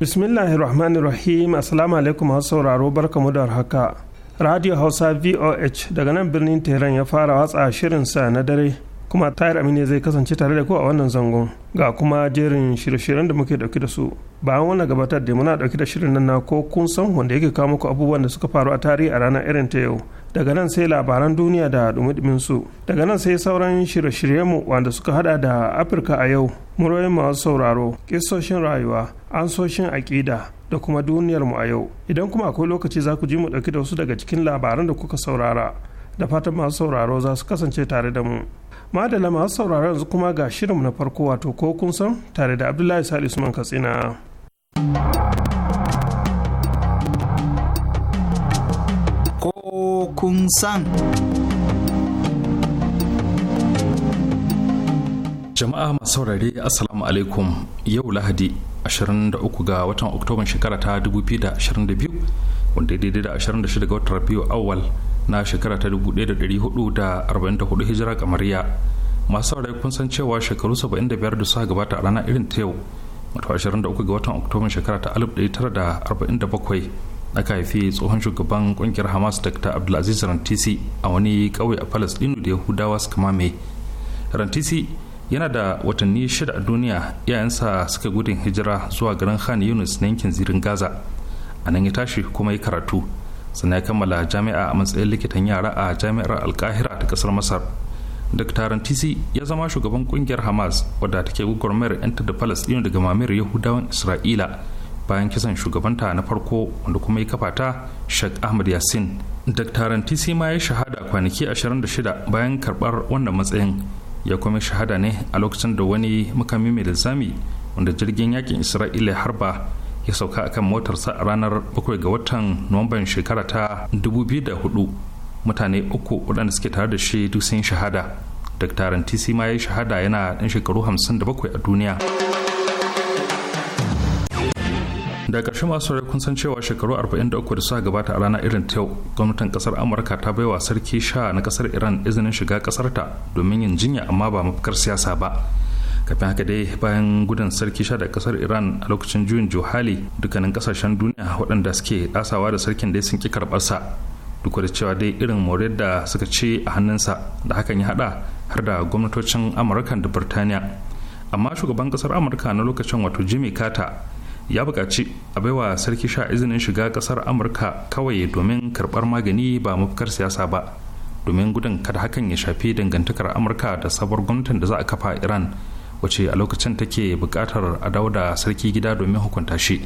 bismillahirrahmanirrahim assalamu alaikum masu sauraro barka mu da haka radio hausa voh daga nan birnin tehran ya fara watsa shirin sa na dare kuma tayar amine zai kasance tare da ku a wannan zangon ga kuma jerin shirye-shiryen da muke dauke da su bayan wannan gabatar da muna dauke da shirin nan na ko kun san wanda yake kawo muku abubuwan da suka faru a tarihi a ranar irin ta yau daga nan sai labaran duniya da dumi su daga nan sai sauran shirye mu wanda suka hada da afirka a yau muroyin masu sauraro kisoshin rayuwa an-soshin aƙida da kuma duniyarmu a yau idan kuma akwai lokaci za ku ji mu ɗauki da wasu daga cikin labaran da kuka saurara da fatan masu sauraro za su kasance tare da mu madala masu sauraro yanzu kuma ga shirinmu na farko wato ko kun san tare da abdullahi salisu usman katsina kun san. Jama'a masu saurare Assalamu alaikum yau Lahadi 23 ga watan Oktoban shekara ta 2022 wanda daidai da 26 ga watan Rabiu awwal na shekara ta 1444 hijira kamariya. Masu saurare kun san cewa shekaru 75 da suka gabata a ranar irin ta yau wato 23 ga watan Oktoban shekara ta 1947 aka haifi tsohon shugaban kungiyar hamas dr abdulaziz rantisi a wani kauye a palestinu da yahudawa suka mame rantisi yana da watanni shida a duniya yayansa suka gudun hijira zuwa garin khan yunus na yankin zirin gaza a nan ya tashi kuma ya karatu sannan ya kammala jami'a a matsayin likitan yara a jami'ar alkahira ta kasar masar dr rantisi ya zama shugaban kungiyar hamas wadda take gugurmayar 'yanta da palestinu daga mamayar yahudawan isra'ila bayan kisan shugabanta na farko wanda kuma ya kafa ta Sheikh Ahmad Yasin. Dr. TC ma ya shahada kwanaki 26 bayan karbar wannan matsayin ya kuma shahada ne a lokacin da wani makami mai linzami wanda jirgin yakin Isra'ila harba ya sauka akan motarsa a ranar 7 ga watan Nuwamban shekara ta 2004 mutane uku waɗanda suke tare da shi duk sun shahada. Dr. TC ma ya shahada yana ɗan shekaru 57 a duniya. da ƙarshe masu rai kun san cewa shekaru 43 da suka gabata a rana irin ta yau gwamnatin kasar amurka ta bai wa sarki sha na kasar iran izinin shiga kasarta domin yin jinya amma ba mafakar siyasa ba kafin haka dai bayan gudun sarki sha da kasar iran a lokacin juyin juhali dukkanin kasashen duniya waɗanda suke ɗasawa da sarkin dai sun ki karɓarsa duk da cewa dai irin morai da suka ce a hannunsa da hakan ya haɗa har da gwamnatocin amurka da birtaniya amma shugaban kasar amurka na lokacin wato jimmy carter ya buƙaci a baiwa sarki sha izinin shiga ƙasar amurka kawai domin karɓar magani ba mafakar siyasa ba domin gudun kada hakan ya shafi dangantakar amurka da sabuwar gwamnatin da za a kafa iran wace a lokacin take bukatar a dawo da sarki gida domin hukunta shi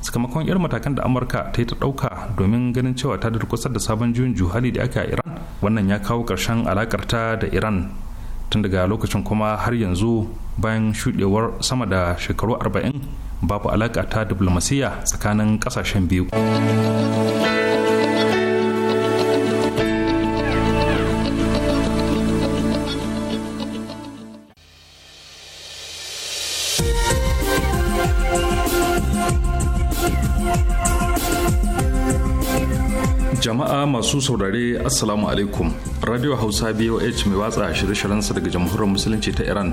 sakamakon irin matakan da amurka ta yi ta ɗauka domin ganin cewa ta durkusar da sabon juyin juhali da aka a iran wannan ya kawo ƙarshen alaƙar ta da iran tun daga lokacin kuma har yanzu bayan shuɗewar sama da shekaru arba'in babu alaƙa ta diplomasiyya tsakanin ƙasashen biyu jama'a masu saurare assalamu alaikum radio hausa boh mai watsa shirye-shiryensa daga jamhuriyar musulunci ta iran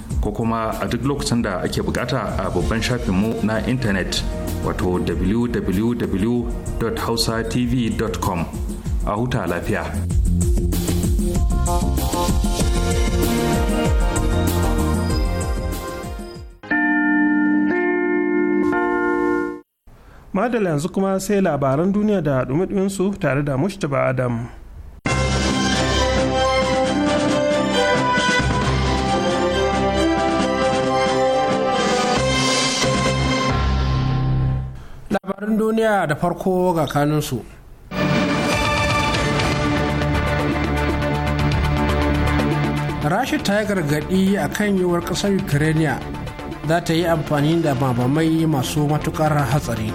ko kuma a duk lokacin da ake bukata a babban shafinmu na intanet wato www.hausatv.com a huta lafiya. Madala yanzu kuma sai labaran duniya da dumi tare da Mushtaba Adam. labarin duniya da farko ga kanunsu. Rashid ta yi gargaɗi a kan yiwuwar ƙasar ukraine za ta yi amfani da mabamai masu matuƙar hatsari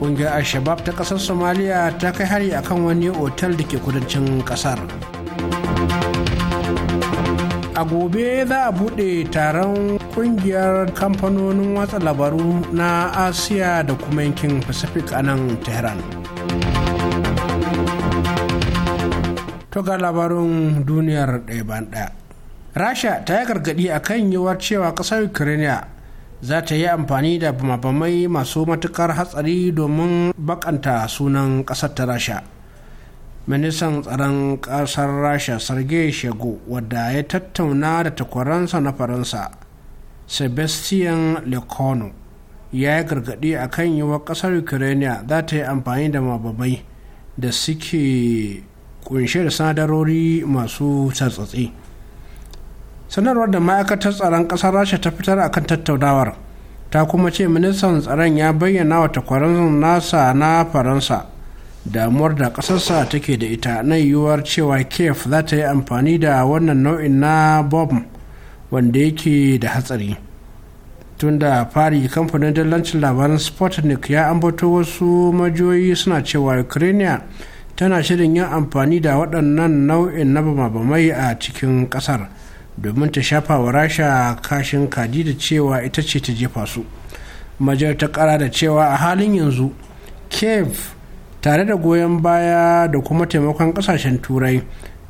ƙungiyar al-shabab ta ƙasar somaliya ta kai hari akan wani otal da ke kudancin ƙasar a gobe za a bude taron kungiyar kamfanonin watsa labaru na asiya da kuma yankin pacific a nan tehran toga labarin duniyar ɗaya ɗaya rasha ta yi gargaɗi a kan yiwuwar cewa ƙasar ukraine za ta yi amfani da bamabamai masu matukar hatsari domin bakanta sunan ƙasar ta rasha ministan tsaron ƙasar rasha sergei shego wadda ya tattauna da takwaransa na faransa sebastian lecono ya yi gargadi a kan yi wa ƙasar ukraine za ta yi amfani da mababai da suke kunshe da sanadarori masu tsatsatsi sanarwar da ma'aikatar tsaron ƙasar rasha ta fitar akan tattaunawar ta kuma ce ministan tsaron ya bayyana wa takwarar nasa na faransa damuwar da ƙasarsa take da ita na yiwuwar cewa kef za ta yi amfani da wannan nau'in na bob wanda yake da hatsari tun da fari kamfanin dillancin labaran sputnik ya ambato wasu majoyi suna cewa ukraine tana shirin yin amfani da waɗannan nau'in na bamabamai a cikin ƙasar domin ta shafa wa rasha kashin kaji da cewa ita ce ta jefa su majar ta ƙara da cewa a halin yanzu kev tare da goyon baya da kuma taimakon kasashen turai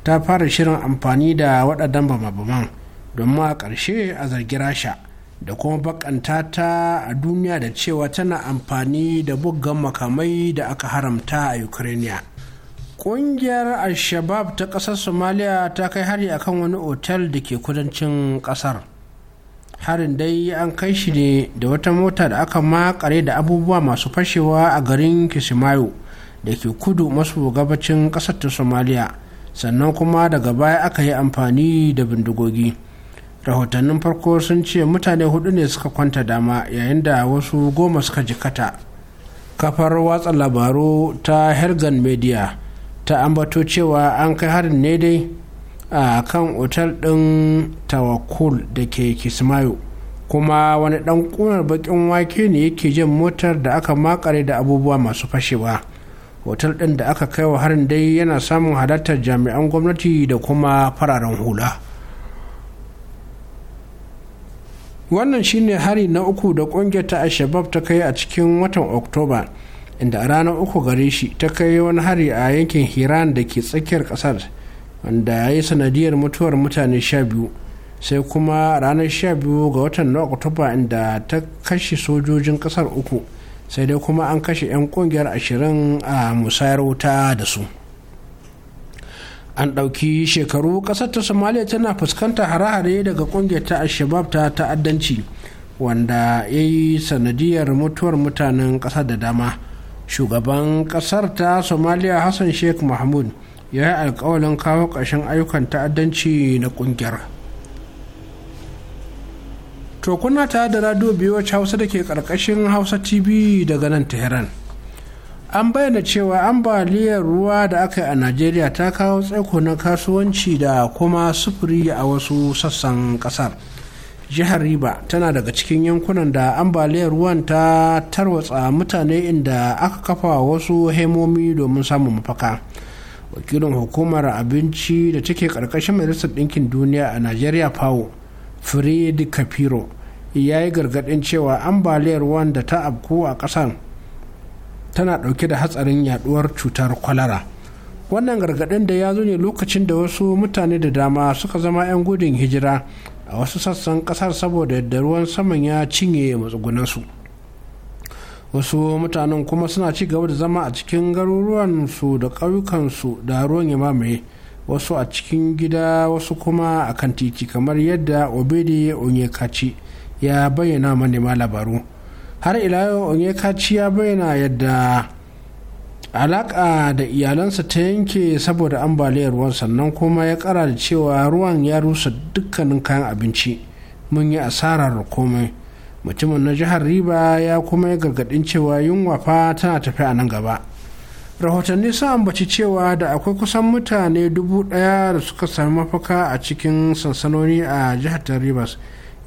ta fara shirin amfani da waɗannan bama-baman domin a ƙarshe a zargi rasha da kuma bakanta ta a duniya da cewa tana amfani da buggan makamai da aka haramta a ukraine ƙungiyar al-shabab ta ƙasar somalia ta kai hari akan wani otel da ke kudancin ƙasar harin dai an kai shi ne da wata mota da aka makare da abubuwa masu fashewa a garin kisimayo da ke kudu maso gabacin ƙasar ta somaliya sannan kuma daga baya aka yi amfani da bindigogi rahotannin farko sun ce mutane hudu ne suka kwanta dama yayin da wasu goma suka jikata kafar watsa labaru ta hergan media ta ambato cewa an kai harin ne dai a kan otal ɗin tawakul da ke kismayo kuma wani ɗan ƙunar baƙin wake ne yake jin motar da aka makare da abubuwa masu fashewa. hotel ɗin da aka kai wa harin dai yana samun halartar jami'an gwamnati da kuma fararen hula wannan shine hari na uku da ƙungiyar ta ashabab ta kai a cikin watan oktoba inda a ranar uku gare shi ta kai wani hari a yankin hiran da ke tsakiyar ƙasar wanda ya yi sanadiyar mutuwar mutane sha biyu sai kuma ranar sha biyu ga watan na oktoba inda ta kashe sojojin ƙasar uku sai dai kuma an kashe 'yan kungiyar ashirin a musayar wuta da su an ɗauki shekaru ƙasar ta somaliya tana fuskantar hare-hare daga kungiyar ta shabab ta ta'addanci wanda ya yi sanadiyar mutuwar mutanen ƙasar da dama shugaban ƙasar ta somaliya hassan sheikh mahmud ya yi alkawalin kawo ƙarshen ayyukan ta'addanci na ƙungiyar. To kuna tare da radio BOH Hausa da ke ƙarƙashin Hausa TV daga nan Tehran. An bayyana cewa ambaliyar ruwa da aka yi a Najeriya ta kawo tsaiko na kasuwanci da kuma sufuri a wasu sassan ƙasar. Jihar Riba tana daga cikin yankunan da ambaliyar ruwan ta tarwatsa mutane inda aka kafa wasu hemomi domin samun mafaka. Wakilin hukumar abinci da take ƙarƙashin Majalisar Ɗinkin Duniya a Najeriya Pawo. fred capiro ya yi gargaɗin cewa ambaliyar wanda ta abku a ƙasar tana ɗauke da hatsarin yaduwar cutar kwalara wannan gargaɗin da ya zo ne lokacin da wasu mutane da dama suka zama 'yan gudun hijira a wasu sassan ƙasar saboda yadda ruwan saman ya cinye matsugunansu wasu mutanen kuma suna ci gaba da zama a cikin garuruwansu da ƙauyukansu da ruwan ya mamaye wasu a cikin gida wasu kuma a kan titi kamar yadda obede onyekachi ya bayyana manema labaru har ila yau onyekachi ya bayyana yadda alaka da iyalansa ta yanke saboda ambaliyar ruwan sannan kuma ya kara da cewa ruwan ya rusa dukkanin kayan abinci mun yi asarar komai mutumin na jihar riba ya kuma ya gargadin cewa yunwa fa tana tafi a nan gaba rahotanni sun ambaci cewa da akwai kusan mutane dubu ɗaya da suka sami mafaka a cikin sansanoni a jihar ta rivers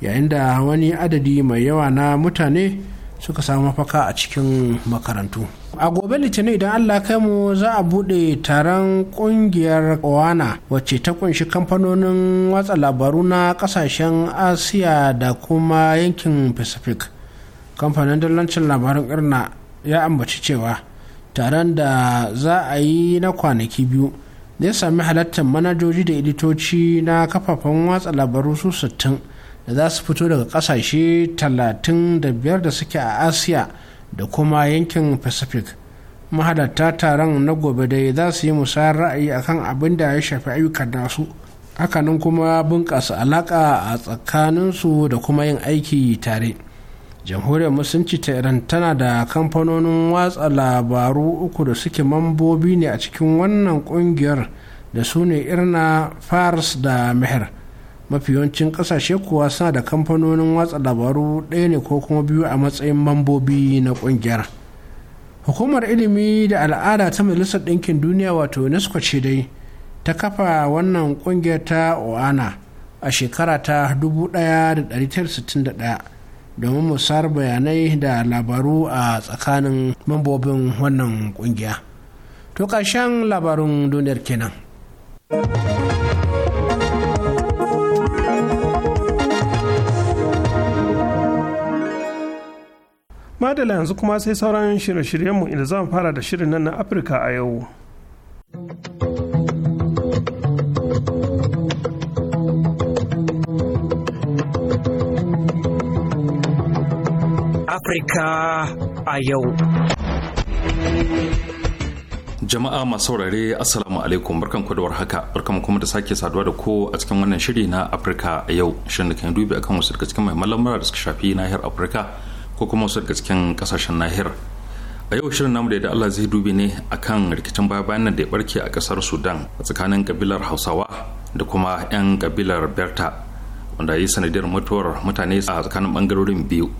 yayin da wani adadi mai yawa na mutane suka samu mafaka a cikin makarantu a gobe litinin idan allah kai mu za a bude taron kungiyar owana wacce ta kunshi kamfanonin watsa labaru na kasashen asiya da kuma yankin pacific kamfanin dalancin labarin irna ya ambaci cewa taron da za a yi na kwanaki biyu zai sami halartar manajoji da editoci na kafafen watsa labaru su 60 da za su fito daga kasashe 35 da suke a asiya da kuma yankin pacific mahalarta taron na gobe dai za su yi musayar ra'ayi akan abin da ya shafi ayyukan nasu hakanan kuma bunƙasa alaƙa a tsakaninsu da kuma yin aiki tare. jamhuriyar musulunci ta iran tana da kamfanonin watsa labaru uku da suke mambobi ne a cikin wannan kungiyar da su ne irna fars da meher mafi yawancin kasashe kuwa suna da kamfanonin watsa labaru ɗaya ne ko kuma biyu a matsayin mambobi na kungiyar hukumar ilimi da al'ada ta majalisar ɗinkin duniya wato unesco ce dai ta kafa wannan kungiyar ta oana a shekara ta 1961 domin mu sar bayanai da labaru a tsakanin mambobin wannan kungiya. To ƙarshen labarin duniyar kenan. Madala yanzu kuma sai sauran shirye-shiryenmu inda zan fara da shirin nan na Afirka a yau. Afirka a yau. Jama'a masu saurare Assalamu alaikum barkan da warhaka barkan kuma da sake saduwa da ko a cikin wannan shiri na Afirka a yau shirin da kan dubi akan wasu daga cikin mai lamura da suka shafi nahiyar Afirka ko kuma wasu daga cikin kasashen nahiyar. a yau shirin namu da yadda Allah zai dubi ne akan rikicin baya bayan nan da ya barke a kasar Sudan a tsakanin kabilar Hausawa da kuma 'yan kabilar Berta wanda ya yi sanadiyar mutuwar mutane a tsakanin bangarorin biyu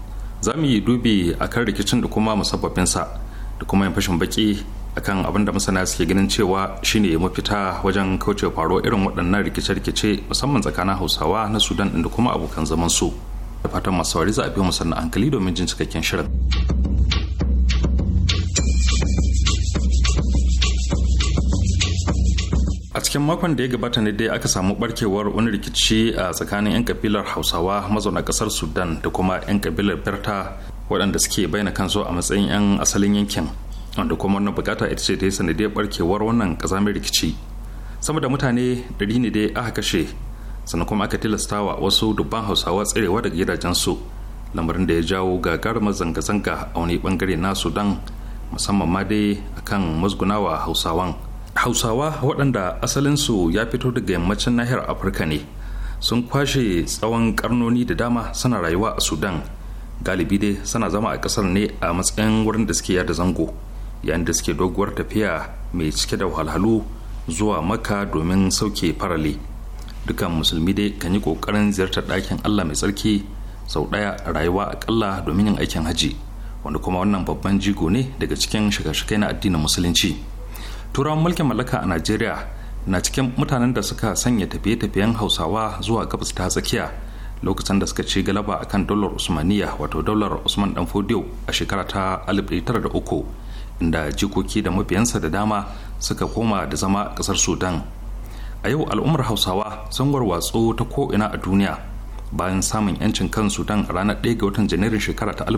za mu yi dubi a kan rikicin da kuma musabbabinsa da kuma yin fashin baki a kan abin da masana suke ganin cewa shine mafita wajen kauce faro irin waɗannan rikice-rikice musamman tsakanin hausawa na sudan da kuma abokan zaman su da fatan masu za a biyo musamman hankali domin jin cikakken shirin. a cikin makon da ya gabata ne dai aka samu barkewar wani rikici a tsakanin 'yan kabilar hausawa mazauna kasar sudan da kuma 'yan kabilar berta waɗanda suke bayyana kansu a matsayin 'yan asalin yankin wanda kuma wannan bukata ita ce ta yi sanadiyar barkewar wannan kazamin rikici sama da mutane ɗari ne dai aka kashe sannan kuma aka tilasta wa wasu dubban hausawa tserewa daga gidajensu lamarin da ya jawo gagarumar zanga-zanga a wani bangare na sudan musamman ma dai akan musgunawa hausawan hausawa waɗanda asalinsu ya fito daga yammacin nahiyar afirka ne sun kwashe tsawon karnoni da dama suna rayuwa a sudan galibi dai suna zama a ƙasar ne a matsayin wurin da suke yada zango yayin da suke doguwar tafiya mai cike da wahalhalu zuwa maka domin sauke farale dukan musulmi dai kan yi ƙoƙarin ziyartar ɗakin allah mai tsarki sau ɗaya a rayuwa aƙalla domin yin aikin haji wanda kuma wannan babban jigo ne daga cikin shiga-shigai na addinin musulunci turawan mulkin mallaka a najeriya na cikin mutanen da suka sanya tafiye-tafiyen hausawa zuwa gabas ta tsakiya lokacin da suka ci galaba akan Dolar usmaniya wato daular usman dan fodiyo a shekara ta 1903 inda jikoki da mabiyansa da dama suka koma da zama kasar sudan a yau al'ummar hausawa sun warwatsu ta ko'ina a duniya bayan samun yancin kan sudan a ranar 1 ga watan janairun shekara ta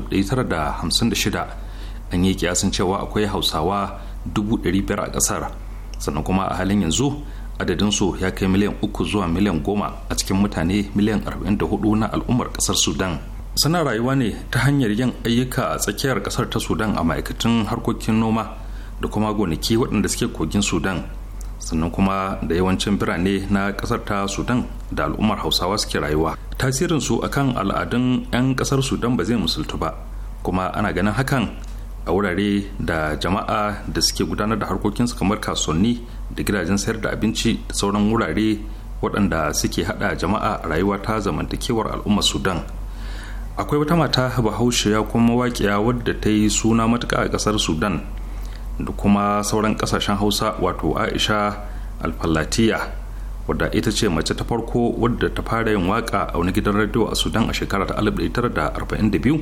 shida an yi kiyasin cewa akwai hausawa 500 a kasar sannan kuma a halin yanzu adadinsu ya kai miliyan uku zuwa miliyan goma a cikin mutane miliyan 44 na al'ummar kasar sudan suna rayuwa ne ta hanyar yin ayyuka a tsakiyar kasar ta sudan a ma'aikatan harkokin noma da kuma gonaki waɗanda suke kogin sudan sannan kuma da yawancin birane na kasar ta sudan da al'ummar hausawa suke rayuwa tasirin su akan al'adun 'yan kasar sudan ba zai musultu ba kuma ana ganin hakan a wurare da jama'a da suke gudanar da harkokinsu kamar kasuwanni da gidajen sayar da abinci da sauran wurare waɗanda suke haɗa jama'a a rayuwa ta zamantakewar al'ummar sudan akwai wata mata ya kuma mawaƙiya wadda ta yi suna matuƙa a ƙasar sudan da kuma sauran ƙasashen hausa wato aisha alfallatiya wadda ita ce mace ta farko wadda ta fara yin waƙa a wani gidan radio a sudan a shekara ta 1942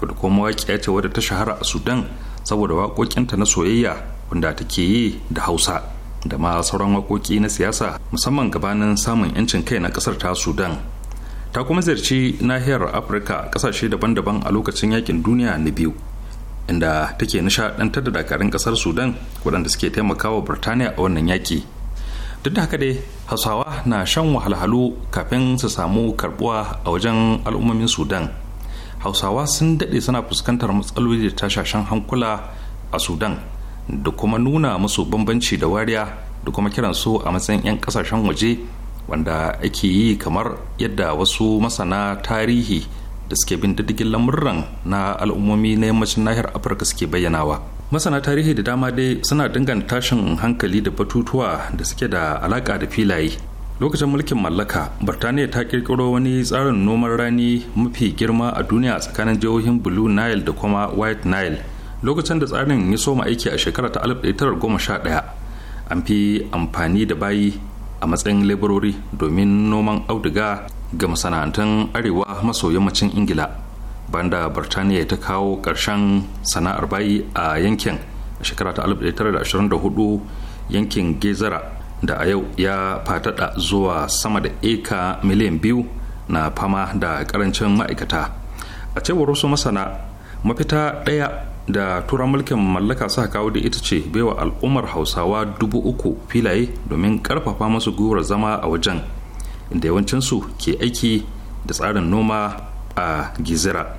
wadda kuma mawaƙiya ce wadda ta shahara a sudan saboda waƙoƙinta na soyayya wanda ke yi da hausa da ma sauran waƙoƙi na siyasa musamman gabanin samun 'yancin kai na ƙasar ta sudan ta kuma ziyarci nahiyar afirka ƙasashe daban-daban a lokacin yakin duniya na biyu inda take nishaɗantar da dakarun ƙasar sudan waɗanda suke taimakawa birtaniya a wannan yaƙi duk da haka dai hausawa na shan wahalhalu kafin su samu karbuwa a wajen al'ummomin sudan hausawa sun daɗe suna fuskantar matsaloli da tashashen hankula a sudan da kuma nuna musu bambanci da wariya da kuma kiransu a matsayin 'yan kasashen waje wanda ake yi kamar yadda wasu masana tarihi da suke bin diddigin lamurran na al'ummomi na yammacin nahiyar afirka suke bayyanawa masana tarihi da dama dai suna danganta tashin hankali da batutuwa da suke da alaka da filaye lokacin mulkin mallaka birtaniya ta kirkiro wani tsarin noman rani mafi girma a duniya tsakanin jihohin blue nile da kuma white nile lokacin da tsarin ya soma aiki a shekara ta 1911 an fi amfani da bayi a matsayin laborori domin noman auduga ga masana'antun arewa maso yammacin ingila banda birtaniya ta kawo ƙarshen sana'ar bayi a yankin a shekara ta 1924 yankin gezara da a yau ya fatada zuwa sama da eka miliyan biyu na fama da karancin ma'aikata a cewar wasu masana mafita ɗaya da turan mulkin mallaka sa kawo da ita ce baiwa al'ummar hausawa dubu uku filaye domin karfafa masu gwiwar zama a wajen inda yawancinsu ke aiki da tsarin noma a gizira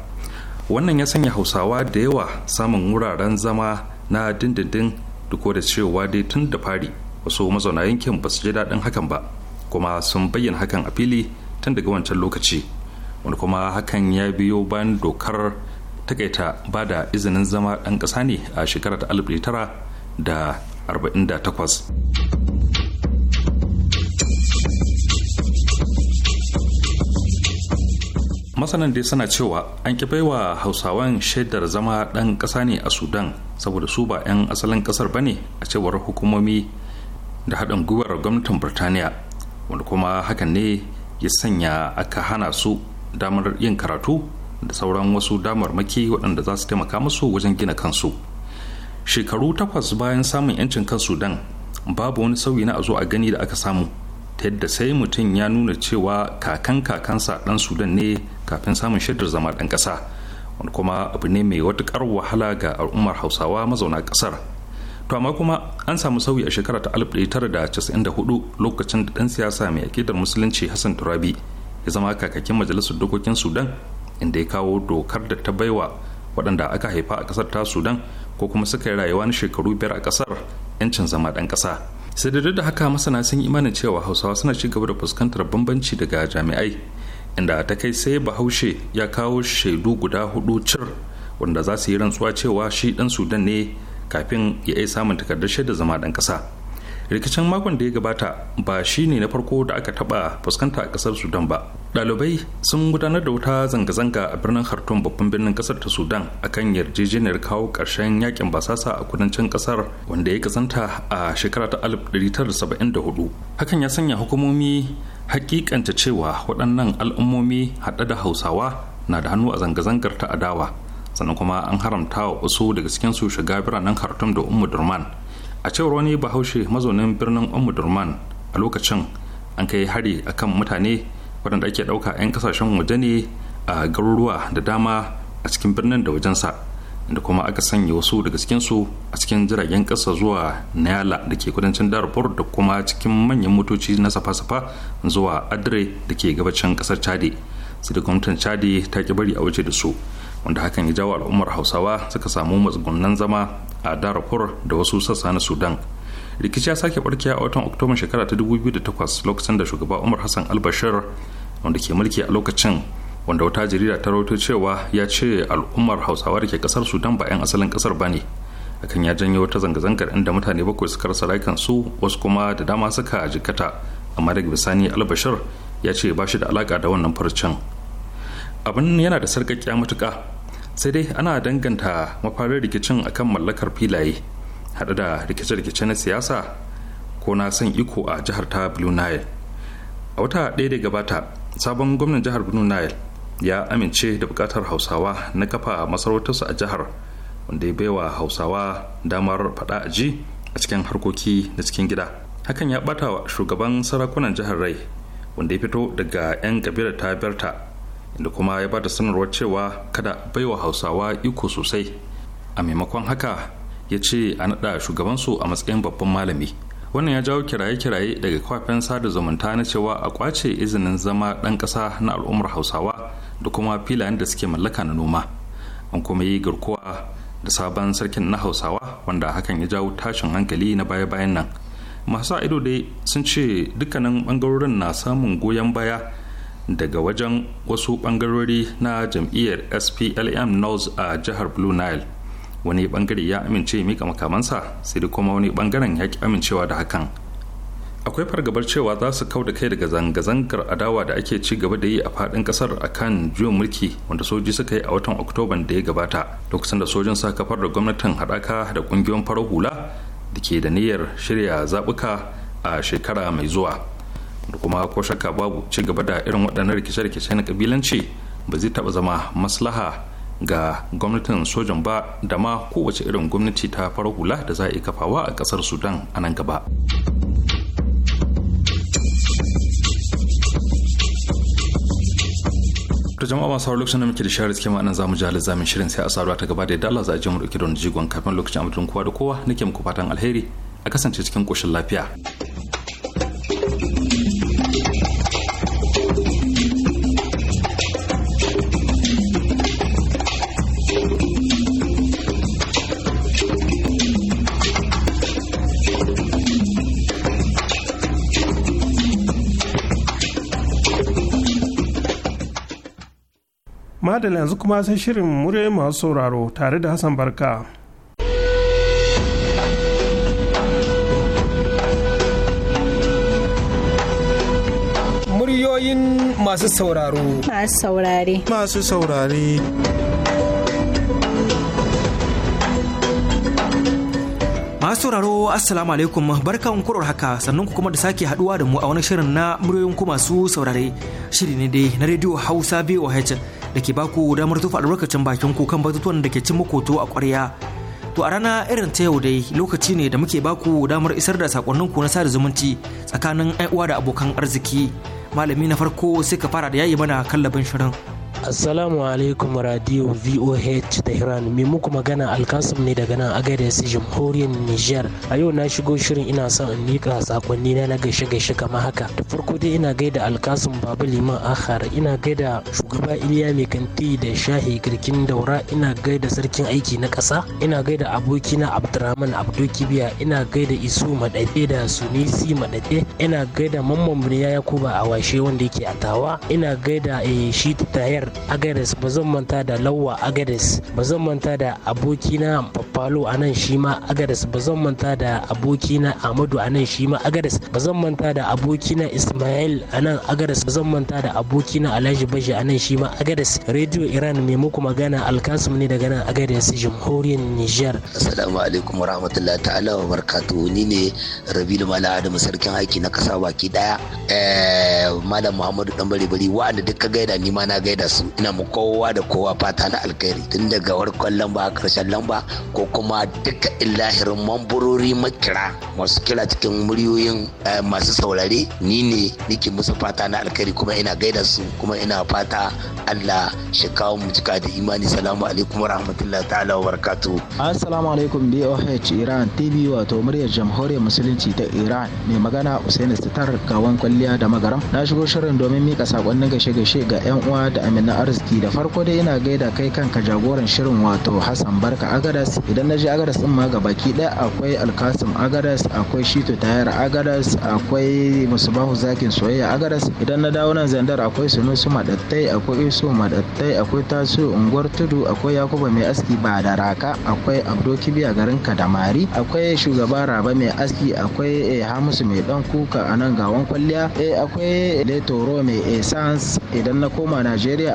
wannan ya sanya hausawa da yawa samun wuraren zama na dindindin duk da cewa dai tun da fari wasu mazauna yankin ba su ji daɗin hakan ba kuma sun bayyana hakan a fili tun daga wancan lokaci wani kuma hakan ya biyo bayan dokar takaita ba da izinin zama ɗan ƙasa ne a shekarar ta alif tara da arba'in da takwas masanan dai suna cewa an ki baiwa hausawan shaidar zama ɗan ƙasa ne a sudan saboda su ba 'yan asalin ƙasar ba ne a cewar hukumomi da haɗin gwiwar gwamnatin burtaniya wanda kuma hakan ne ya sanya aka hana su damar yin karatu da sauran wasu damar maki waɗanda za su taimaka musu wajen gina kansu shekaru takwas bayan samun 'yancin kan sudan babu wani sauyi na a zo a gani da aka samu ta yadda sai mutum ya nuna cewa kakan kakansa ɗan sudan ne kafin samun shaidar zama ɗan ƙasa wani kuma abu ne mai watukar wahala ga al'ummar hausawa mazauna ƙasar to amma kuma an samu sauyi a shekara ta 1994 lokacin da dan siyasa mai akidar musulunci hassan turabi ya zama kakakin majalisar dokokin sudan inda ya kawo dokar da ta baiwa waɗanda aka haifa a ƙasar ta sudan ko kuma suka yi rayuwa na shekaru biyar a ƙasar 'yancin zama ɗan ƙasa sai da haka masana sun imanin cewa hausawa suna ci gaba da fuskantar bambanci daga jami'ai inda ta kai sai bahaushe ya kawo shaidu guda hudu cir wanda za su yi rantsuwa cewa shi dan sudan ne kafin ya yi samun takardar shaida zama dan ƙasa rikicin makon da ya gabata ba shi ne na farko da aka taɓa fuskanta a ƙasar sudan ba ɗalibai sun gudanar da wuta zanga-zanga a birnin khartoum babban birnin ƙasar ta sudan akan yarjejeniyar kawo ƙarshen yakin basasa a kudancin ƙasar wanda ya kasanta a shekara ta 1974 hakan ya sanya hukumomi hakikanta cewa waɗannan al'ummomi haɗe da hausawa na da hannu a zanga-zangar ta adawa sannan kuma an haramta wa wasu daga cikinsu shiga biranen khartoum da ummu durman a cewar wani bahaushe mazaunin birnin ummu durman a lokacin an kai hari akan mutane waɗanda ake ɗauka 'yan kasashen waje ne a garuruwa da dama a cikin birnin da wajensa da kuma aka sanya wasu daga su a cikin jiragen kasa zuwa nayala da ke kudancin darfur da kuma cikin manyan motoci na safa-safa zuwa adre da ke gabacin ƙasar chadi sai da gwamnatin chadi ta ki bari a waje da su wanda hakan ya jawo al'ummar hausawa suka samu matsugunan zama a darfur da wasu sassa na sudan rikici ya sake barkiya a watan oktoban shekara ta 2008 lokacin da shugaba umar hassan albashir wanda ke mulki a lokacin wanda wata jarida ta rawaito cewa ya ce al'ummar hausawa da ke kasar sudan ba 'yan asalin kasar ba ne hakan ya janyo wata zanga-zangar inda mutane bakwai suka rasa rayukan su wasu kuma da dama suka jikkata amma daga bisani albashir ya ce ba shi da alaka da wannan farcen abin yana da sarƙaƙiya matuƙa sai dai ana danganta mafarin rikicin akan mallakar filaye hada da rikice-rikice na siyasa ko na san iko a jihar ta blue nile a wata ɗaya da gabata sabon gwamnan jihar blue nile ya amince da bukatar hausawa na kafa masarautarsu a jihar wanda ya baiwa hausawa damar faɗa a ji a cikin harkoki na cikin gida hakan ya ɓata wa shugaban sarakunan jihar rai wanda ya fito daga 'yan kabilar ta berta da kuma ya ba da sanarwar cewa kada baiwa hausawa iko sosai a maimakon haka ya ce a naɗa shugabansu a matsayin babban malami wannan ya jawo kiraye-kiraye daga kwafen sada zumunta na cewa a kwace izinin zama ɗan ƙasa na al'ummar hausawa da kuma filayen da suke mallaka na noma an kuma yi garkuwa da sabon sarkin na hausawa wanda hakan ya jawo tashin hankali na baya-bayan nan masu ido dai sun ce dukkanin bangarorin na samun goyon baya daga wajen wasu bangarori na jam'iyyar splm north a jihar blue nile wani bangare ya amince mika makamansa sai da kuma wani bangaren ya ki amincewa da hakan akwai fargabar cewa za su kau da kai daga zanga-zangar adawa da ake ci gaba da yi a fadin kasar kan juyin mulki wanda soji suka yi a watan oktoban da ya gabata lokacin da sojin suka kafar da gwamnatin haɗaka da ƙungiyoyin farar hula da ke da niyyar shirya zaɓuka a shekara mai zuwa da kuma ko shakka babu ci gaba da irin waɗannan rikice-rikice na kabilanci ba zai taɓa zama maslaha ga gwamnatin sojan ba da ma kowace irin gwamnati ta fara hula da za a yi kafawa a ƙasar sudan a nan gaba to jama'a masu hauwa lokacin da muke da da suke ma'anan mu ji zamin shirin sai a saruwa ta gaba da dala za a je mu dauki da wani jigon kafin lokacin amurin kowa da kowa nake mu fatan alheri a kasance cikin koshin lafiya madala yanzu kuma sai shirin muryoyin masu sauraro tare da hassan barka muryoyin masu sauraro masu saurare masu saurare masu sauraro assalamu alaikum barkan kurar haka sannan kuma da sake haduwa da mu a wani shirin na muryoyin ku masu saurare shiri ne dai na rediyo hausa voh da ke baku damar tufa albarkacin bakin ku kan batutuwan da ke cin makoto a ƙwarya. To a rana irin ta yau dai lokaci ne da muke baku damar isar da sakonnin ku na sada zumunci tsakanin uwa da abokan arziki. Malami na farko sai ka fara da yayi mana kallabin shirin. Assalamu alaikum radiyo VOH Tehran. mai muku magana Alkasim ne daga nan Agadez Jamhuriyar Nijar. A yau na shigo shirin ina son in mika sakonni na na gaishe gaishe kamar haka. Da farko dai ina gaida Alkasim babu Liman Akhar, ina gaida shugaba Iliya kanti da Shahi Girkin Daura, ina gaida sarkin aiki na ƙasa, ina gaida abokina Abdurrahman Abdul Kibiya, ina gaida Isu Madade da Sunisi Madade, ina gaida Mamman Buniya Yakuba a washe wanda yake a Tawa, ina gaida eh, shi Tayar agnes ba zan manta da lawa agnes ba zan manta da abokina papalo a nan shi ma agnes ba zan manta da abokina amadu a nan shi ma agnes ba zan manta da abokina ismail a nan agnes ba zan manta da abokina alhaji bashi a nan shi ma agnes rediyo iran mai muku magana alkasum ne daga nan agnes jamhuriyar niger assalamu alaikum warahmatullahi ta'ala wa barakatuhu ni ne rabilu mala adamu sarkin aiki na kasa baki daya eh, malam muhammadu dan bari bari wa'anda duk ka gaida ni ma na gaida su ina mu kowa da kowa fata na alkhairi tun daga warkon lamba a karshen lamba ko kuma duka illahirin mamburori makira masu kira cikin muryoyin eh, masu saurare ni ne nake musu fata na alkhairi kuma ina gaida su kuma ina fata Allah shi kawo mu cika da imani salamu alaikum wa rahmatullahi ta'ala wa barakatuhu assalamu alaikum BOH Iran TV wato muryar jamhuriyar musulunci ta Iran mai magana Usaini Sitar gawan kwalliya da magaram na shigo shirin domin mika sakonnin gashe-gashe ga yan uwa da amin na arziki da farko dai ina gaida kai kanka jagoran shirin wato hassan barka agadas idan na je agadas din ma baki ɗaya akwai alkasim agadas akwai shito tayar agadas akwai musubahu zakin soyayya agadas idan na dawo nan zandar akwai sunusu madattai akwai isu madattai akwai tasu unguwar tudu akwai yakuba mai aski ba da raka akwai abdo kibiya garin kadamari akwai shugaba raba mai aski akwai eh, hamisu mai dan kuka a nan gawan kwalliya eh, akwai letoro mai essence idan na koma najeriya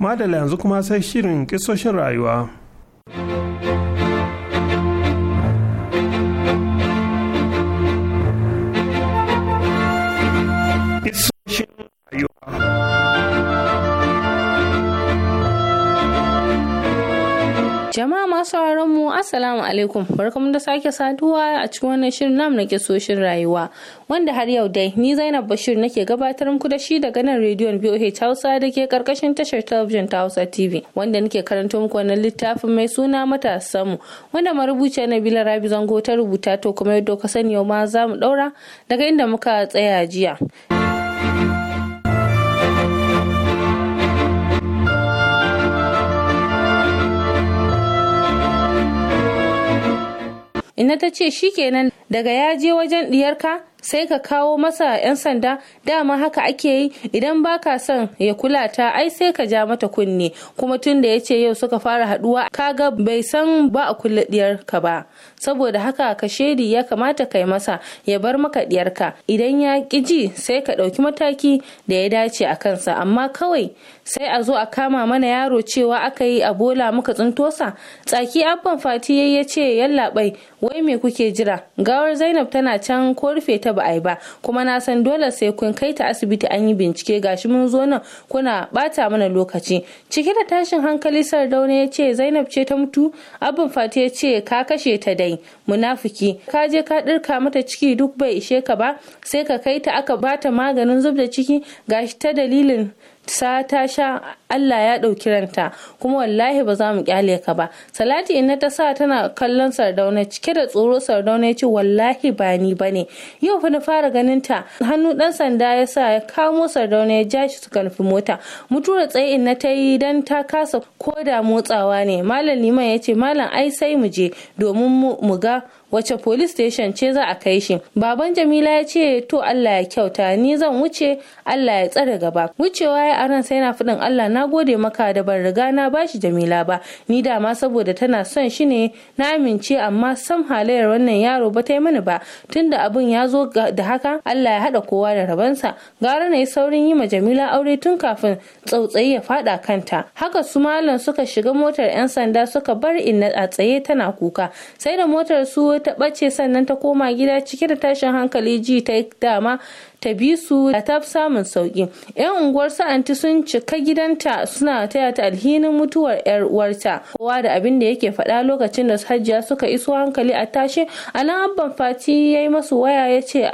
madala yanzu kuma sai shirin kisoshin rayuwa Jama'a masu sauraron mu Assalamu alaikum barkamu da sake saduwa a cikin wannan shirin namu na kisoshin rayuwa wanda har yau dai ni Zainab Bashir nake gabatar muku da shi daga nan rediyon BOH Hausa da ke karkashin tashar talabijin ta Hausa TV wanda nake karanto muku wannan littafin mai suna matasan mu wanda marubuciya Nabila Rabi Zango ta rubuta to kuma yadda ka sani yau ma za mu daura daga inda muka tsaya jiya. ina ta ce shikenan daga ya je wajen diyarka sai ka kawo masa 'yan sanda dama haka ake yi idan baka son ya kula ta ai sai ka ja mata kunne kuma tun da ya ce yau suka fara haduwa kaga bai san ba a diyar ka ba saboda haka ka shedi ya kamata kai masa ya bar maka diyarka idan ya ki ji sai ka ɗauki mataki da ya dace a kansa amma kawai sai a zo a kama mana yaro cewa aka yi a bola muka tsintosa tsaki abban fati ya ce yallaɓai wai me kuke jira gawar zainab tana can ko rufe ta ta ba a yi ba kuma na san dole sai kun kai ta asibiti an yi bincike gashi mun zo nan kuna bata mana lokaci cike da tashin hankali sardauna ya ce zainab ce ta mutu abin fati ya ce ka kashe ta dai munafiki ka je ka dirka mata ciki duk bai ishe ka ba sai ka kai ta aka bata maganin zub da ciki gashi ta dalilin sa ta sha Allah ya ɗauki ranta kuma wallahi ba za mu kyale ka ba salati inna ta sa tana kallon sardauna cike da tsoro sardauna ya ce wallahi ba ni ba ne yau fa na fara ganin ta hannu ɗan sanda ya sa ya kamo sardauna ya ja shi su mota tura tsaye inna ta yi dan ta kasa koda motsawa ne malam liman ya ce malam ai sai mu je domin mu ga wace police station ce za a kai shi baban jamila ya ce to allah ya kyauta ni zan wuce allah ya tsare gaba wucewa ya aran sai yana faɗin allah na gode maka da ban riga na bashi jamila ba ni dama saboda tana son shi ne na amince amma sam halayyar wannan yaro ba ta yi mani ba tunda abun ya zo da haka allah ya haɗa kowa da rabansa gara na yi saurin yi ma jamila aure tun kafin tsautsayi ya faɗa kanta haka su malam suka shiga motar 'yan sanda suka bar inna a tsaye tana kuka sai da motar su ta ɓace sannan ta koma gida cike da tashin hankali ji ta dama ta bi su ta fi samun sauki yan unguwar su sun cika gidanta suna taya ta alhinin mutuwar yar uwarta kowa da abin da yake faɗa lokacin da hajjiya suka iso hankali a tashe alan abban fati ya yi masu waya ya ce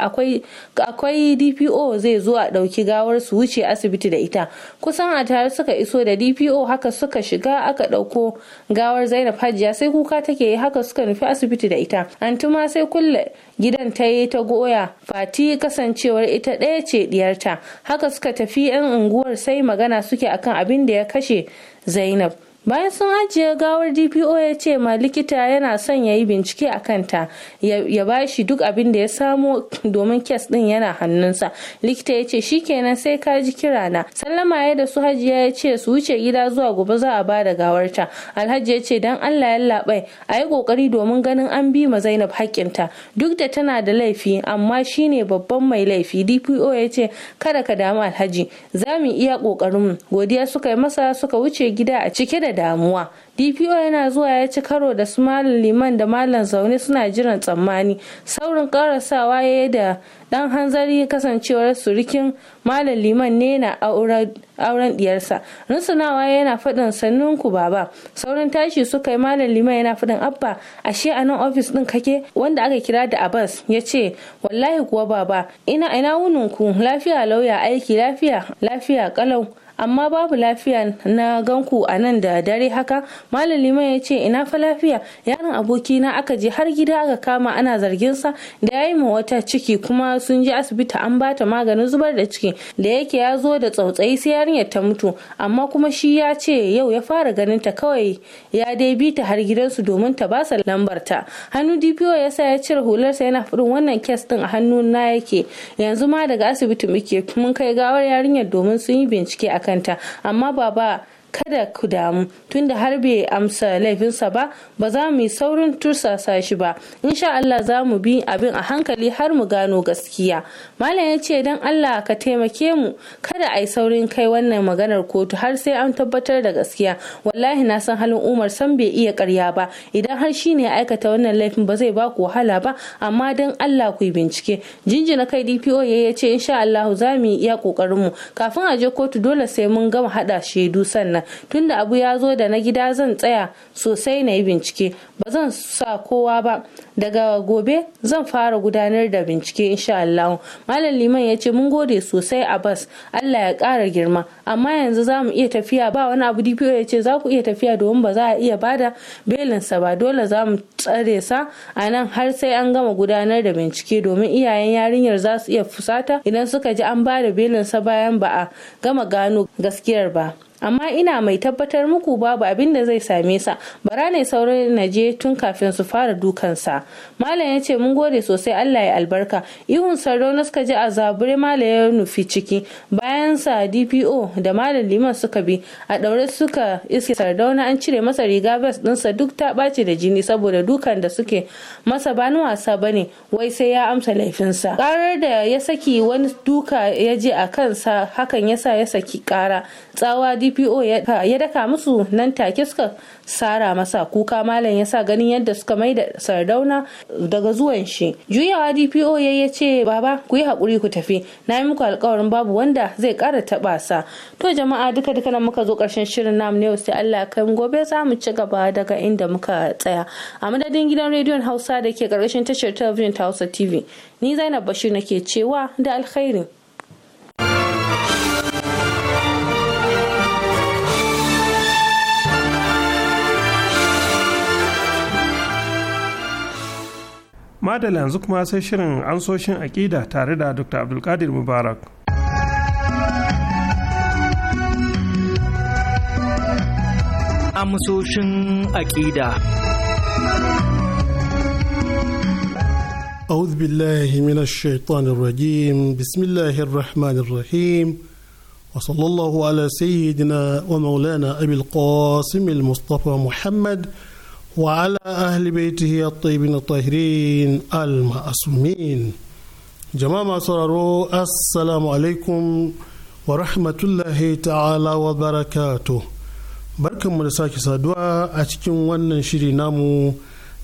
akwai dpo zai zo a ɗauki gawar su wuce asibiti da ita kusan a tare suka iso da dpo haka suka shiga aka ɗauko gawar zainab hajiya sai kuka take yi haka suka nufi asibiti da ita antuma sai kulle gidan ta yi ta goya fati kasancewar ita ɗaya ce ɗiyarta, haka suka tafi 'yan unguwar sai magana suke akan abin da ya kashe zainab bayan sun ajiye gawar dpo ya ce ma likita yana son ya yi bincike a kanta ya ba shi duk abin da ya samo domin kes din yana hannunsa likita ya ce kenan sai ka ji kira na sallama ya da su hajiya ya ce su wuce gida zuwa gobe za a ba da gawarta alhaji ya ce dan allah ya labai a yi kokari domin ganin an bi ma zainab hakinta duk da tana da laifi amma shine babban mai laifi dpo ya ce kada ka damu alhaji za mu iya kokarinmu godiya suka yi masa suka wuce gida a cike da damuwa dpo yana zuwa ya ci karo da su malam liman da malam zaune suna jiran tsammani saurin karasawa ya da dan hanzari kasancewar surikin malam liman ne na auren diyarsa rinsunawa yana faɗin sannun ku baba saurin tashi suka yi malam liman yana faɗin abba ashe a nan ofis ɗin kake wanda aka kira da abbas ya ce wallahi kuwa baba ina ina wunin ku lafiya lauya aiki lafiya lafiya kalau amma babu lafiya na ganku a nan da dare haka malam liman ya ce ina fa lafiya yaron abokina aka je har gida aka kama ana zargin sa da yayi ma wata ciki kuma sun je asibiti an bata maganin zubar da ciki da yake ya zo da tsautsayi sai yarinyar ta mutu amma kuma shi ya ce yau ya fara ganin ta kawai ya dai bi ta har gidansu domin ta ba sa lambar ta hannu DPO ya sa ya cire hularsa yana fudin wannan kes din a hannu na yake yanzu ma daga asibiti muke mun kai gawar yarinyar domin sun yi bincike a kanta amma baba kada ku damu tunda har bai amsa laifinsa ba ba za mu yi saurin tursasa shi ba insha Allah za mu bi abin a hankali har mu gano gaskiya malam ya ce dan Allah ka taimake mu kada a yi saurin kai wannan maganar kotu har sai an tabbatar da gaskiya wallahi na san halin Umar san bai iya karya ba idan har shi ne ya aikata wannan laifin ba zai ba wahala ba amma dan Allah ku yi bincike jinjina kai DPO ya ce insha Allah za mu yi iya kokarin mu kafin a je kotu dole sai mun gama hada shaidu sannan tunda abu ya zo da na gida zan tsaya sosai na yi bincike ba zan sa kowa ba daga gobe zan fara gudanar da bincike insha Allah malam liman ya ce mun gode sosai a bas Allah ya ƙara girma amma yanzu za mu iya tafiya ba wani abu DPO ya ce za ku iya tafiya domin ba za a iya bada belinsa ba dole za mu tsare sa a nan har sai an gama gudanar da bincike domin iyayen yarinyar za su iya fusata idan suka ji an bada belinsa bayan ba a gama gano gaskiyar ba amma ina mai tabbatar muku babu abin da zai same sa bara ne saurin na je tun kafin su fara dukansa malam ya ce mun gode sosai allah ya albarka ihun na suka je a zabure malam ya nufi ciki bayan sa dpo da malam liman suka bi a daure suka iske sardauna an cire masa riga bas dinsa duk ta ɓaci da jini saboda dukan da suke masa bani wasa bane wai sai ya amsa laifinsa karar da ya saki wani duka ya je a kansa hakan yasa ya saki kara tsawa dpo ya daka musu nan take suka sara masa kuka malam ya sa ganin yadda suka mai da sardauna daga zuwan shi juyawa dpo ya ya ce baba ku yi haƙuri ku tafi na yi muku alkawarin babu wanda zai ƙara taɓa sa to jama'a duka duka nan muka zo ƙarshen shirin namu ne sai allah kai gobe za mu ci gaba daga inda muka tsaya a madadin gidan rediyon hausa da ke ƙarƙashin tashar talabijin ta hausa tv ni zainab bashir nake cewa da alkhairi madala yanzu kuma sai shirin ansoshin aƙida tare da dr abdulkadir mubarak amsoshin aƙida أعوذ بالله من الشيطان الرجيم بسم الله الرحمن الرحيم وصلى الله على سيدنا ومولانا أبي القاسم المصطفى محمد وعلى أهل بيته الطيبين الطاهرين المعصومين جماعة سرروا السلام عليكم ورحمة الله تعالى وبركاته barkan mu da sake saduwa a cikin wannan shiri namu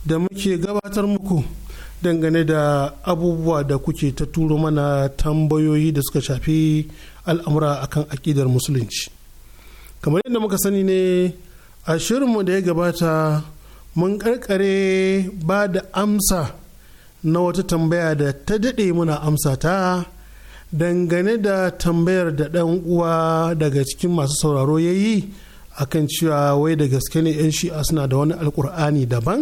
da muke gabatar muku dangane da abubuwa da kuke ta turo mana tambayoyi da suka shafi al'amura akan akidar musulunci kamar yadda muka sani ne a shirinmu da ya gabata mun karkare ba da amsa na wata tambaya da ta daɗe muna amsa ta dangane da tambayar da ɗan uwa daga cikin masu sauraro ya yi akan cewa wai da gaske ne 'yan shi'a suna da wani alkur'ani daban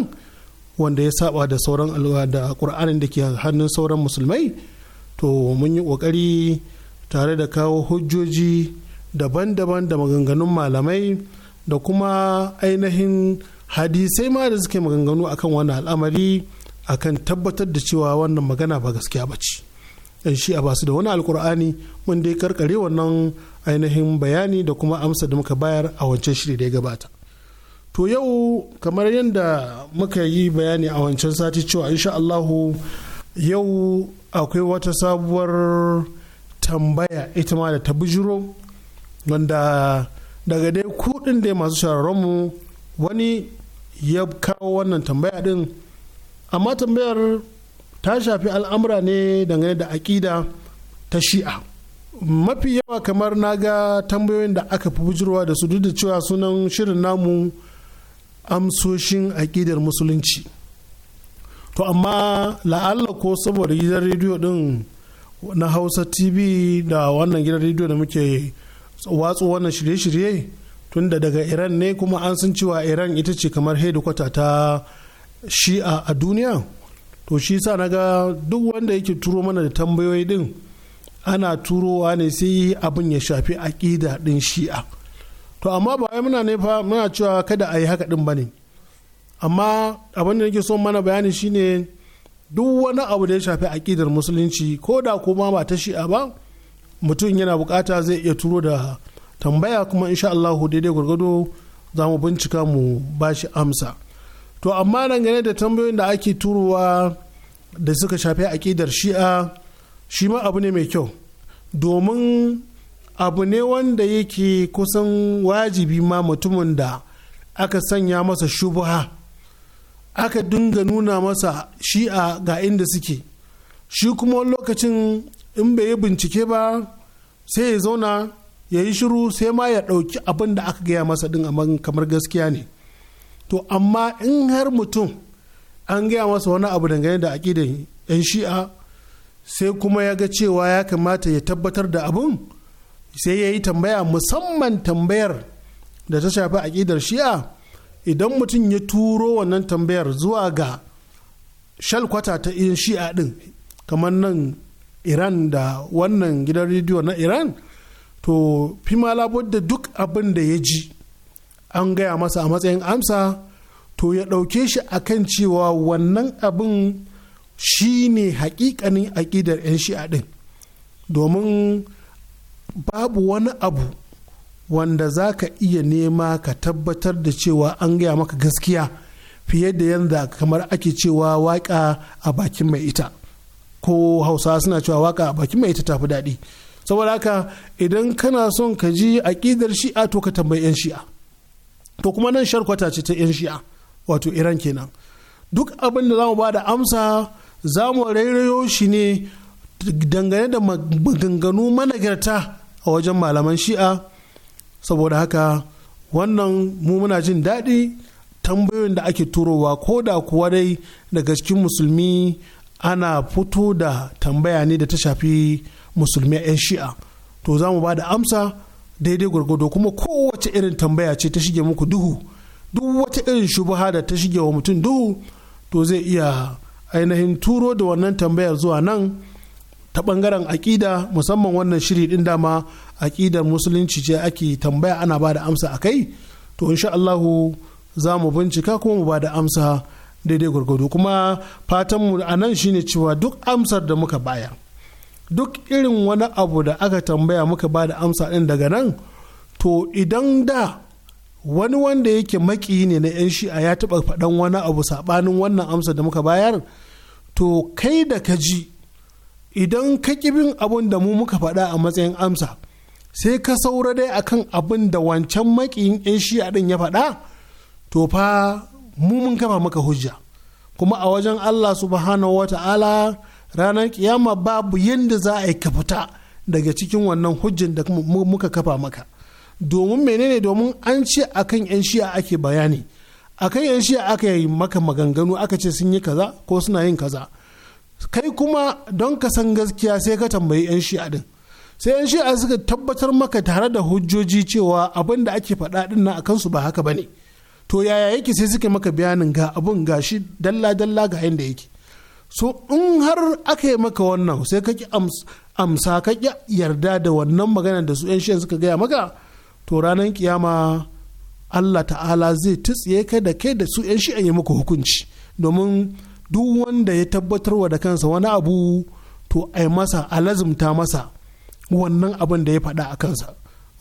wanda ya saba da sauran da alkur'anin da ke hannun sauran musulmai to mun yi ƙoƙari tare da kawo hujjoji daban-daban da maganganun malamai da kuma ainihin hadisai ma da suke maganganu akan wannan al'amari akan tabbatar da cewa wannan magana ba gaskiya ba ce yan shi a basu da wani alkur'ani mun dai karkare wannan ainihin bayani da kuma amsa da muka bayar a wancan shiri da ya gabata to yau kamar yadda muka yi bayani a wancan sati cewa insha Allahu yau akwai wata sabuwar tambaya ita ma da ta bujiro wanda daga dai kudin da masu mu wani ya kawo wannan tambaya din amma tambayar ta shafi al'amura ne dangane da aƙida ta shi'a mafi yawa kamar na ga tambayoyin da aka fi bujirwa da su duk da cewa sunan shirin namu amsoshin aƙidar musulunci to amma la'alla ko saboda gidan rediyo din na hausa tv da wannan gidan rediyo da muke watsu wannan shirye-shirye tunda daga iran ne kuma an san cewa iran ita ce kamar hedikwata ta shi'a a duniya to shi sa na ga duk wanda yake turo mana da tambayoyi din ana turowa ne sai abin ya shafi aƙida din shi'a to amma ba wai muna nefa muna cewa kada a yi haka din ba ne amma abin da nake son mana bayani shine duk wani abu da ya shafi aƙidar musulunci ko da kuma ba ta shi'a ba mutum yana bukata zai iya turo da tambaya kuma insha Allah daidai gwargwado za mu bincika mu ba shi amsa to amma dangane da tambayoyin da ake turowa da suka shafi aƙidar shi'a shi ma abu ne mai kyau domin abu ne wanda yake kusan wajibi ma mutumin da aka sanya masa shubuha aka dinga nuna masa shi'a ga inda suke shi kuma lokacin in bai yi bincike ba sai ya zauna ya yi shiru sai ma ya ɗauki abin da aka gaya masa ɗin amma kamar gaskiya ne to amma in har mutum an gaya masa wani abu dangane da aƙidan 'yan shi'a sai kuma ya ga cewa ya kamata ya tabbatar da abin sai ya yi tambaya musamman tambayar da ta shafi aƙidar shi'a idan mutum ya turo wannan tambayar zuwa ga shalkwata ta 'yan shi'a ɗin kamar nan iran da wannan gidan rediyo na iran to fi labar da duk abin da ya ji an gaya masa a matsayin amsa to ya ɗauke shi a kan cewa wannan abin shi ne hakikanin aƙidar 'yan shi'a ɗin domin babu wani abu wanda za ka iya nema ka tabbatar da cewa an gaya maka gaskiya fiye da yadda kamar ake cewa waƙa a bakin mai ita ko hausa suna cewa waƙa a bakin mai ita tafi daɗi saboda haka idan kana son ka ji aƙidar shi'a to ka tambayi 'yan shi'a to kuma nan sharkwata ce ta 'yan shi'a wato iran kenan duk abin da za mu bada amsa za mu rairayo shi ne dangane da maganganu managarta a wajen malaman shi'a saboda haka wannan mu muna jin daɗi tambayoyin da ake turowa ko da kuwa dai daga cikin musulmi ana fito da tambaya ne da ta shafi musulmi 'yan shi'a to za mu ba da amsa daidai gwargwado kuma kowace irin tambaya ce ta shige muku duhu duk wata irin shubaha da ta shige wa mutum duhu to zai iya ainihin turo da wannan tambayar zuwa nan ta bangaren aƙida musamman wannan shiri din dama aƙidar musulunci ce ake tambaya ana ba da amsa a kai to insha Allahu za mu bincika kuma mu ba da amsa daidai gwargwado kuma fatanmu a nan shine cewa duk amsar da muka bayar duk irin wani abu da aka tambaya muka ba da amsa ɗin daga nan to idan da wani wanda yake maki ne na 'yan shi'a ya taɓa faɗan wani abu saɓanin wannan amsa da muka bayar to kai da ka ji idan ka bin abin da mu muka faɗa a matsayin amsa sai ka saura dai akan abin da wancan makiyin 'yan shi'a ɗin ya faɗa to fa mu mun kafa maka hujja kuma a wajen allah subhanahu wa ta'ala ranar kiyama babu yadda za a yi ka fita daga cikin wannan hujjin da muka kafa maka domin menene domin an ce akan yan shi'a ake bayani akan yan shi'a aka yi maka maganganu aka ce sun yi kaza ko suna yin kaza kai kuma don ka san gaskiya sai ka tambayi yan shi'a din sai yan shi'a suka tabbatar maka tare da hujjoji cewa abin da ake faɗa din na akan su ba haka bane to yaya yake sai suke maka bayanin ga abun ga shi dalla dalla ga yanda yake so in har aka yi maka wannan sai ka ki amsa ka ki yarda da wannan magana da su 'yan shiyan suka gaya maka to ranar kiyama Allah ta'ala zai tutsiye ka da kai da su 'yan shi'an yi maka hukunci domin duk wanda ya tabbatar tabbatarwa da kansa wani abu to ai masa alazumta masa wannan abin da ya faɗa a kansa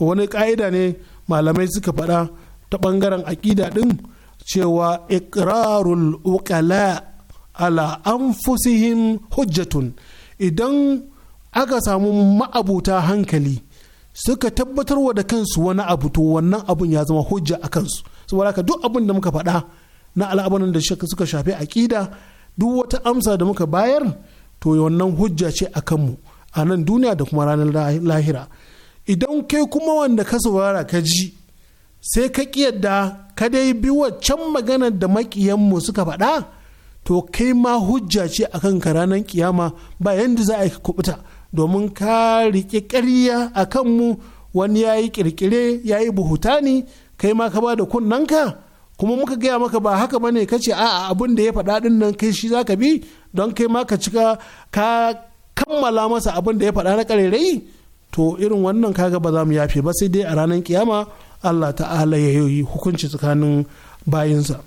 wani ƙa'ida ne malamai suka faɗa ta ɓangaren aƙida ɗin cewa ikrarul ukala ala anfusihim hujjatun idan aka samu ma'abuta hankali suka tabbatar wa da kansu wani abu to wannan abun ya zama hujja a kansu saboda haka duk abin da muka faɗa na al'abanan da suka shafi aƙida duk wata amsa da muka bayar to wannan hujja ce a kanmu a nan duniya da kuma ranar lahira idan kai kuma wanda ka saurara ka ji sai ka ƙi yadda ka dai bi waccan maganar da maƙiyanmu suka faɗa to kai ma hujja ce kan ka ranar kiyama ba yadda za a yi kubuta domin ka riƙe ƙarya a kanmu wani ya yi ƙirƙire ya yi buhutani kai ma ka ba da ka kuma muka gaya maka ba haka bane ka ce a'a abin da ya faɗa ɗin nan kai shi za ka bi don kai ma ka cika ka kammala masa abin da ya faɗa na ƙarairayi to irin wannan kaga ba za mu yafe ba sai dai a ranar kiyama Allah ta'ala ya yi hukunci tsakanin bayinsa.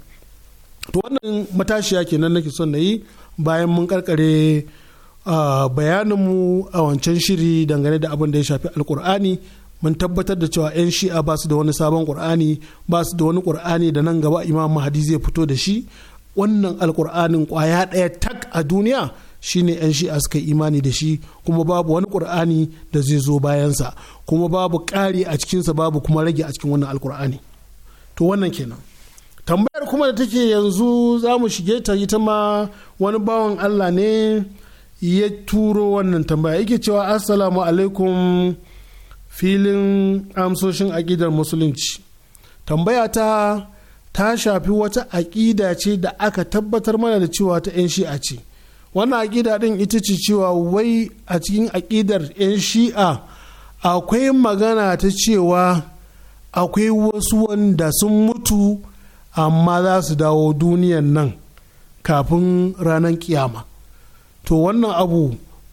to wannan matashiya kenan nake son na yi bayan mun karkare bayaninmu a wancan shiri dangane da abin da ya shafi alkur'ani mun tabbatar da cewa 'yan shi'a ba su da wani sabon ƙur'ani ba su da wani ƙur'ani da nan gaba imam mahadi zai fito da shi wannan alƙur'anin ƙwaya ɗaya tak a duniya shine 'yan shi'a suka yi imani da shi kuma babu wani ƙur'ani da zai zo bayansa kuma babu ƙari a cikinsa babu kuma rage a cikin wannan alƙur'ani to wannan kenan tambayar kuma da take yanzu za mu shige ta ita ma wani bawan allah ne ya turo wannan tambaya yake cewa assalamu alaikum filin amsoshin aƙidar musulunci tambaya ta ta shafi wata aƙida ce da aka tabbatar mana da cewa ta 'yan shi'a ce wannan aƙida ɗin ita ce cewa wai a cikin aƙidar 'yan shi'a akwai magana ta cewa akwai wasu wanda sun mutu amma za su dawo duniyan nan kafin ranar kiyama to wannan abu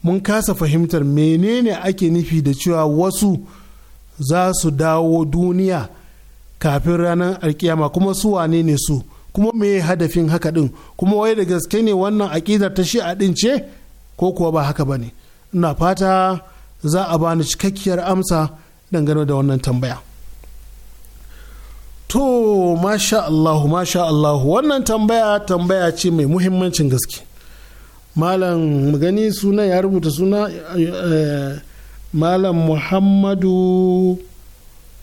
mun kasa fahimtar menene ake nufi da cewa wasu za su dawo duniya kafin ranar alkiyama kuma su wane ne su kuma me hadafin haka din kuma wai da gaske ne wannan aƙidar ta shi'a din ce ko kuwa ba haka ba ne ina fata za a bani cikakkiyar amsa dangane da wannan tambaya To, masha Allahu, masha Allahu, wannan tambaya tambaya ce mai muhimmancin gaske. Malam gani suna ya rubuta suna eh, Malam Muhammadu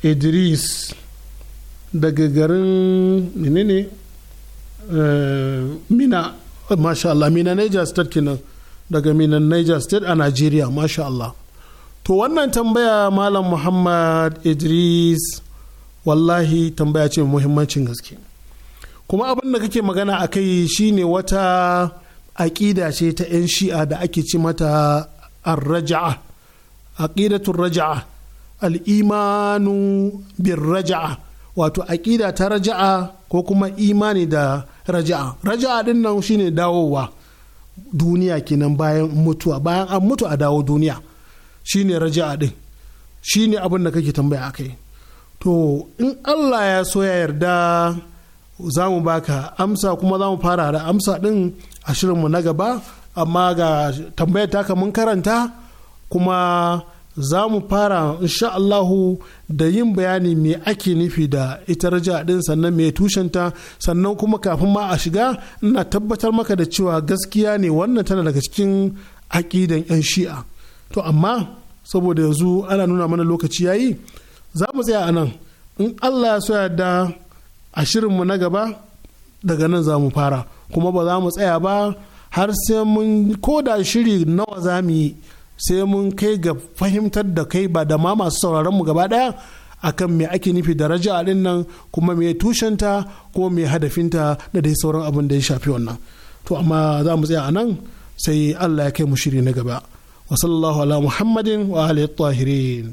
Idris daga garin menene ne eh, Mina, masha Allah, Mina Niger State kenan daga Mina Niger State a nigeria masha Allah. To, wannan tambaya Malam Muhammad Idris. wallahi tambaya ce muhimmancin gaske kuma abin da kake magana a kai shine wata aƙida ce ta 'yan shi'a da ake ci mata arraja'a aƙidatun raja'a al'imanu bin raja'a wato aƙida ta raja'a ko kuma imani da raja'a raja'a din nan shine dawowa duniya kenan bayan mutuwa bayan an mutu a dawo duniya shine raja'a din shine abin da kake tambaya a kai. to in allah ya so ya yarda za mu baka amsa kuma za mu fara da amsa din a shirinmu na gaba amma ga tambayar taka mun karanta kuma za mu fara insha Allahu da yin bayani me ake nufi da ita raja din sannan me tushenta sannan kuma kafin ma a shiga ina tabbatar maka da cewa gaskiya ne wannan tana daga cikin aƙidan 'yan shi'a to amma saboda yanzu ana nuna mana lokaci yayi za mu tsaya a nan in allah ya so da a shirinmu na gaba daga nan za mu fara kuma ba za mu tsaya ba har sai mun da shiri nawa za mu yi sai mun kai ga fahimtar da kai ba da ma masu sauraronmu gaba daya akan mai ake nufi daraja a din nan kuma me tushenta ko mai hadafinta da dai sauran abin da ya shafi wannan to amma za mu tsaya a nan sai allah ya kai mu shiri na gaba wa sallallahu ala muhammadin wa alihi tahirin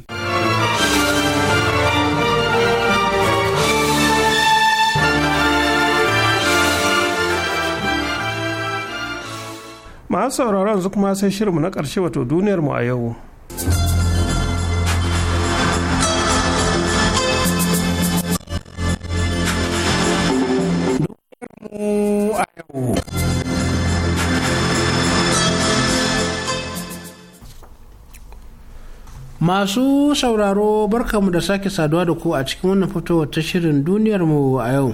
masu sauraron yanzu kuma sai shirinmu na ƙarshe wato duniyarmu a yau Masu sauraro barkamu da sake saduwa da ku a cikin wannan fito ta shirin duniyarmu a yau.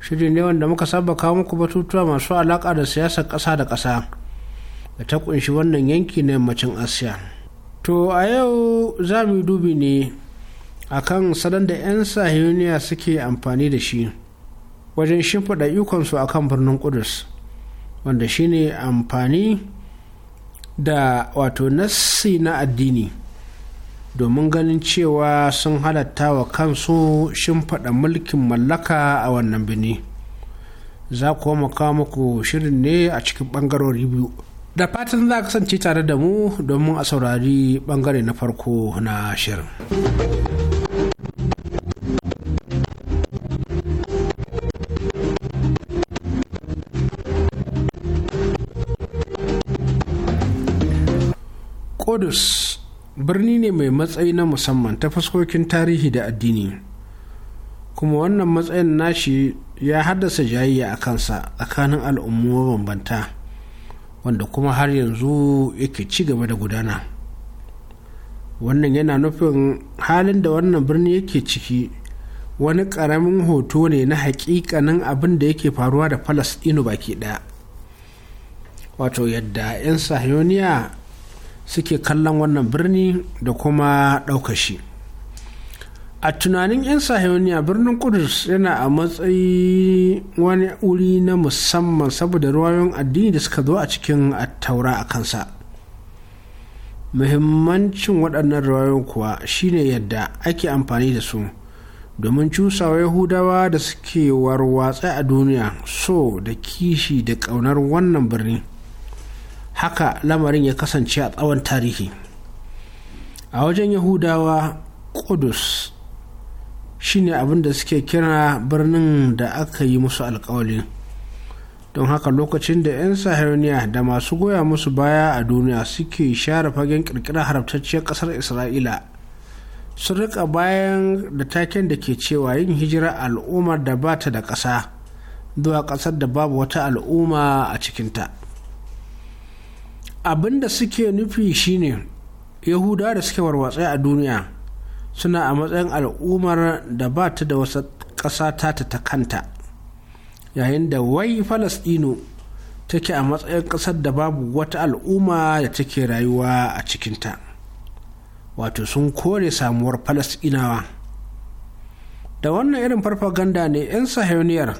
shirin ne wanda muka saba kawo muku batutuwa masu alaƙa da siyasar ƙasa da ƙasa da ta kunshi wannan yanki na yammacin asiya to a yau za mu dubi ne a kan salon da 'yan sahiyoniya suke amfani da shi wajen shimfiɗa ikonsu kan birnin kudus wanda shine amfani da wato nassi na addini domin ganin cewa sun halatta wa kansu shimfaɗa mulkin mallaka a wannan bini za kuwa kawo muku shirin ne a cikin ɓangarori biyu da fatan za kasance tare da mu domin a saurari ɓangare na farko na shirin Kudus birni ne mai matsayi na musamman ta fuskokin tarihi da addini kuma wannan matsayin nashi ya haddasa jayayya a kansa tsakanin al'ummu mabambanta wanda kuma har yanzu yake ci gaba da gudana wannan yana nufin halin da wannan birni yake ciki wani ƙaramin hoto ne na haƙiƙanin abin da yake faruwa da inu baki ɗaya wato yadda 'yan sahiyoniya suke kallon wannan birni da kuma ɗaukashi a tunanin 'yan sahiyoniya birnin kudus yana a matsayi wani wuri na musamman saboda ruwayoyin addini da suka zo a cikin taura a kansa muhimmancin waɗannan ruwayoyin kuwa shine yadda ake amfani da su domin cusawa yahudawa da suke warwatsa a duniya so da kishi da ƙaunar wannan birni. haka lamarin ya kasance a tsawon tarihi a wajen yahudawa kudus shine abin da suke kira birnin da aka yi musu alkawali don haka lokacin da 'yan sahirniya da masu goya musu baya a duniya suke share fagen kirkirar harabtacciyar kasar isra'ila sun rika bayan da taken da ke cewa yin hijira al'ummar da ba ta da ƙasa zuwa ƙasar da babu wata al'umma a cikinta. abin da suke nufi shine yahuda da suke warwatse a duniya suna a matsayin al'ummar da ba ta da wasu ƙasa ta ta kanta yayin da wai falasɗinu take a matsayin ƙasar da babu wata al'umma da take rayuwa a cikinta wato sun kore samuwar falasɗinawa da wannan irin farfaganda ne 'yan sahiyoniyar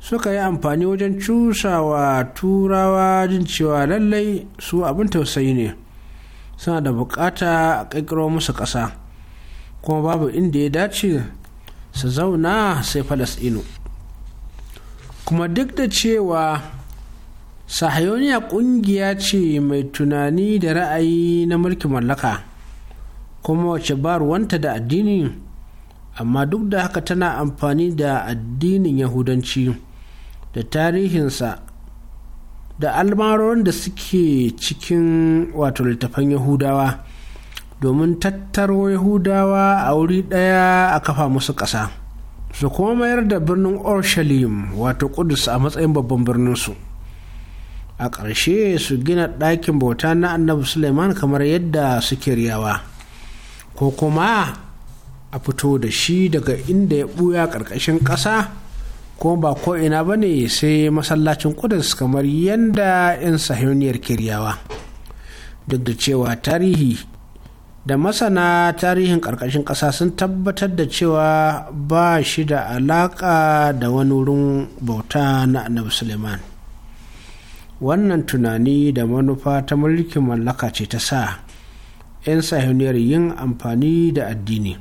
suka yi amfani wajen cusawa turawa jin cewa lallai su abin tausayi ne suna da bukata a ƙirƙiro musu ƙasa kuma babu inda ya dace su zauna sai falasɗinu kuma duk da cewa sahayoniya ƙungiya ce mai tunani da ra'ayi na mulkin mallaka kuma wace ba ruwanta da addini amma duk da haka tana amfani da addinin yahudanci. da tarihinsa da almarorin da suke cikin wato littafan yahudawa domin tattaro yahudawa a wuri ɗaya a kafa musu ƙasa su kuma mayar da birnin orshalim wato kudus a matsayin babban birninsu a ƙarshe su gina ɗakin bauta na annabi suleiman kamar yadda suke riyawa ko kuma a fito da shi daga inda ya ɓuya ƙarƙashin ƙasa ko ba ko'ina ina ba ne sai masallacin kudus kamar yadda 'yan sahiyoniyar kiryawa duk da cewa tarihi da masana tarihin ƙarƙashin ƙasa sun tabbatar da cewa ba shi da alaƙa da wani wurin bauta na annabi suleiman wannan tunani da manufa ta mulkin mallaka ce ta sa 'yan sahiyoniyar yin amfani da addini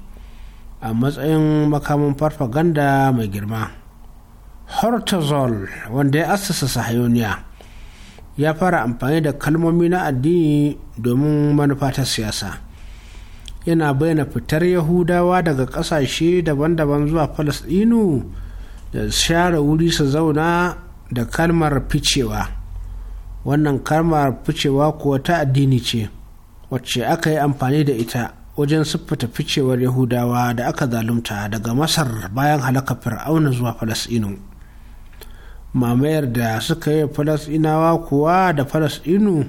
a matsayin makamin farfaganda mai girma hortozol wanda ya assasa sahayoniya ya fara amfani da kalmomi na addini domin manufa ta siyasa yana bayyana fitar yahudawa daga ƙasashe daban-daban zuwa falasɗinu da share wuri su zauna da kalmar ficewa wannan kalmar ficewa kuwa ta addini ce wacce aka yi amfani da ita wajen siffata ficewar yahudawa da aka zalunta daga masar bayan halaka fir'auna zuwa falasɗinu mamayar da suka yi falasinawa kuwa da falasinu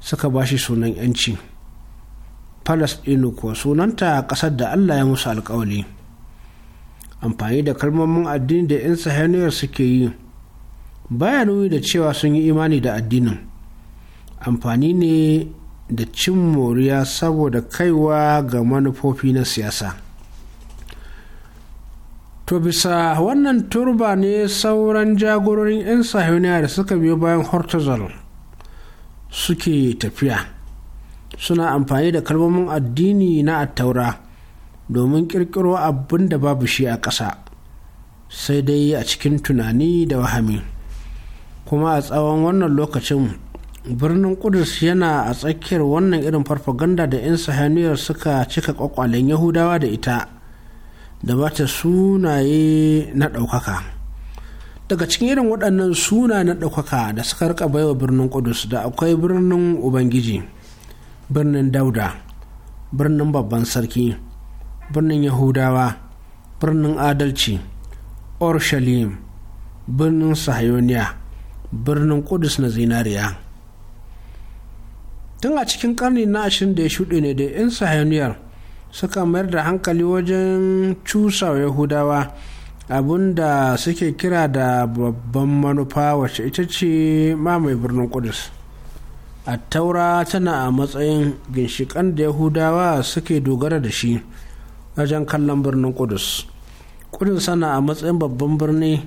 suka ba shi sunan yanci falasinu kuwa sunanta ƙasar da allah ya musu alkawali amfani da kalmomin addini da 'yan sahaniyar suke yi baya nuni da cewa sun yi imani da addinin amfani ne da cin moriya saboda kaiwa ga manufofi na siyasa to bisa wannan turba ne sauran jagororin 'yan sahiyoniya da suka biyo bayan hortazal suke tafiya suna amfani da kalmomin addini na attaura domin kirkiro abin da babu shi a ƙasa sai dai a cikin tunani da wahami kuma a tsawon wannan lokacin birnin kudus yana a tsakiyar wannan irin farfaganda da 'yan sahaniyar suka cika kwakwalen yahudawa da ita da ba ta sunaye na ɗaukaka daga cikin irin waɗannan suna na ɗaukaka da suka rika baiwa birnin kudus da akwai birnin ubangiji birnin dauda birnin babban sarki birnin yahudawa birnin adalci orshalim birnin sahayoniya birnin kudus na zinariya tun a cikin karni na ashirin da ya shuɗe ne da 'yan sahayoniyar suka mayar da hankali wajen cusa yahudawa abin da suke kira da babban manufa wacce ita ce mamaye birnin kudus a taura tana a matsayin ginshikan da yahudawa suke dogara da shi wajen kallon birnin kudus kudus sana a matsayin babban birni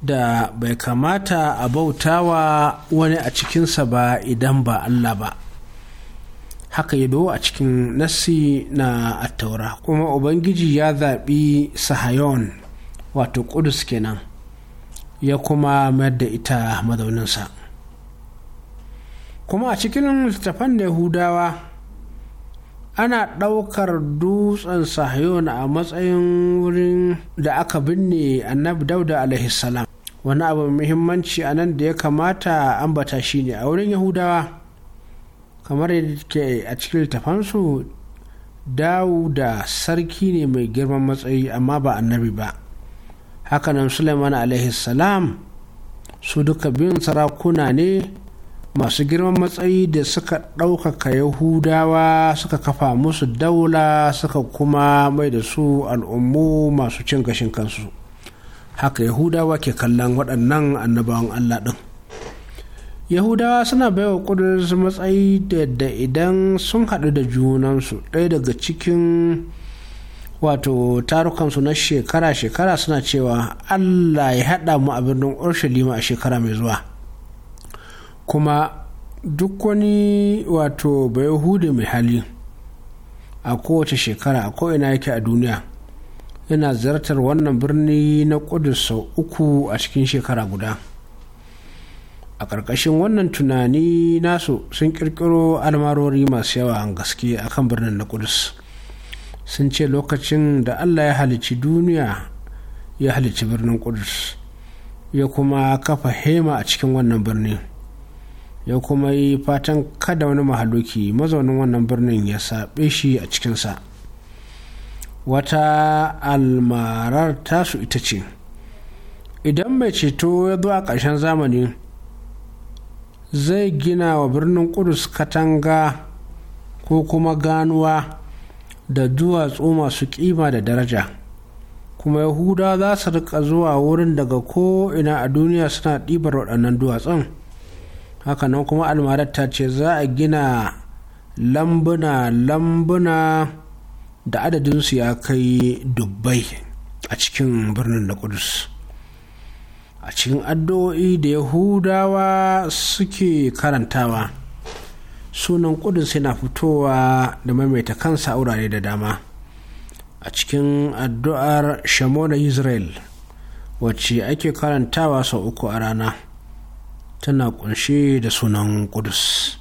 da bai kamata a bautawa wani a cikinsa ba idan ba allah ba haka ya a cikin nassi na attaura kuma ubangiji ya zaɓi sahayon wato ƙudus kenan ya kuma mayar da ita mazauninsa kuma a cikin da yahudawa ana ɗaukar dutsen sahayon a matsayin wurin da aka binne annabi dauda alaihissalam wani abu muhimmanci a nan da ya kamata ambata shine a wurin yahudawa kamar yadda ke a cikin littafansu da sarki ne mai girman matsayi amma ba annabi ba hakanan suleiman salam su duka biyun sarakuna ne masu girman matsayi da suka ɗaukaka yahudawa suka kafa musu daula suka kuma mai da su al'ummu masu cin gashin kansu haka yahudawa ke kallon waɗannan annabawan allah ɗin yahudawa suna baiwa su matsayi da idan sun haɗu da junansu ɗaya daga cikin wato tarukansu na shekara-shekara suna cewa allah ya haɗa mu a birnin urshalima a shekara mai zuwa kuma duk wani wato bayahude mai hali a kowace shekara a ko'ina yake a duniya yana ziyartar wannan birni na ƙudus sau uku a cikin shekara guda. a ƙarƙashin wannan tunani nasu sun ƙirƙiro almarori masu yawa a gaske a kan birnin na kudus sun ce lokacin da allah ya halici duniya ya halici birnin kudus ya kuma kafa hema a cikin wannan birnin ya kuma yi fatan kada wani mahaluki mazaunin wannan birnin ya saɓe shi a cikinsa wata almarar tasu ita ce idan mai ceto ya zo a ƙarshen zamani zai gina wa birnin kudus katanga ko kuma ganuwa da duwatsu masu kima da daraja kuma yahuda za su rika zuwa wurin daga ko ina a duniya suna ɗibar waɗannan duwatsun hakanan kuma almarar ta ce za a gina lambuna lambuna da adadin su ya kai dubbai a cikin birnin da kudus a cikin addu'o'i da yahudawa suke karantawa sunan sai yana fitowa da maimaita kansa a wurare da dama a cikin addu'ar shamona israel wacce ake karantawa sau uku a rana tana kunshe da sunan ƙudus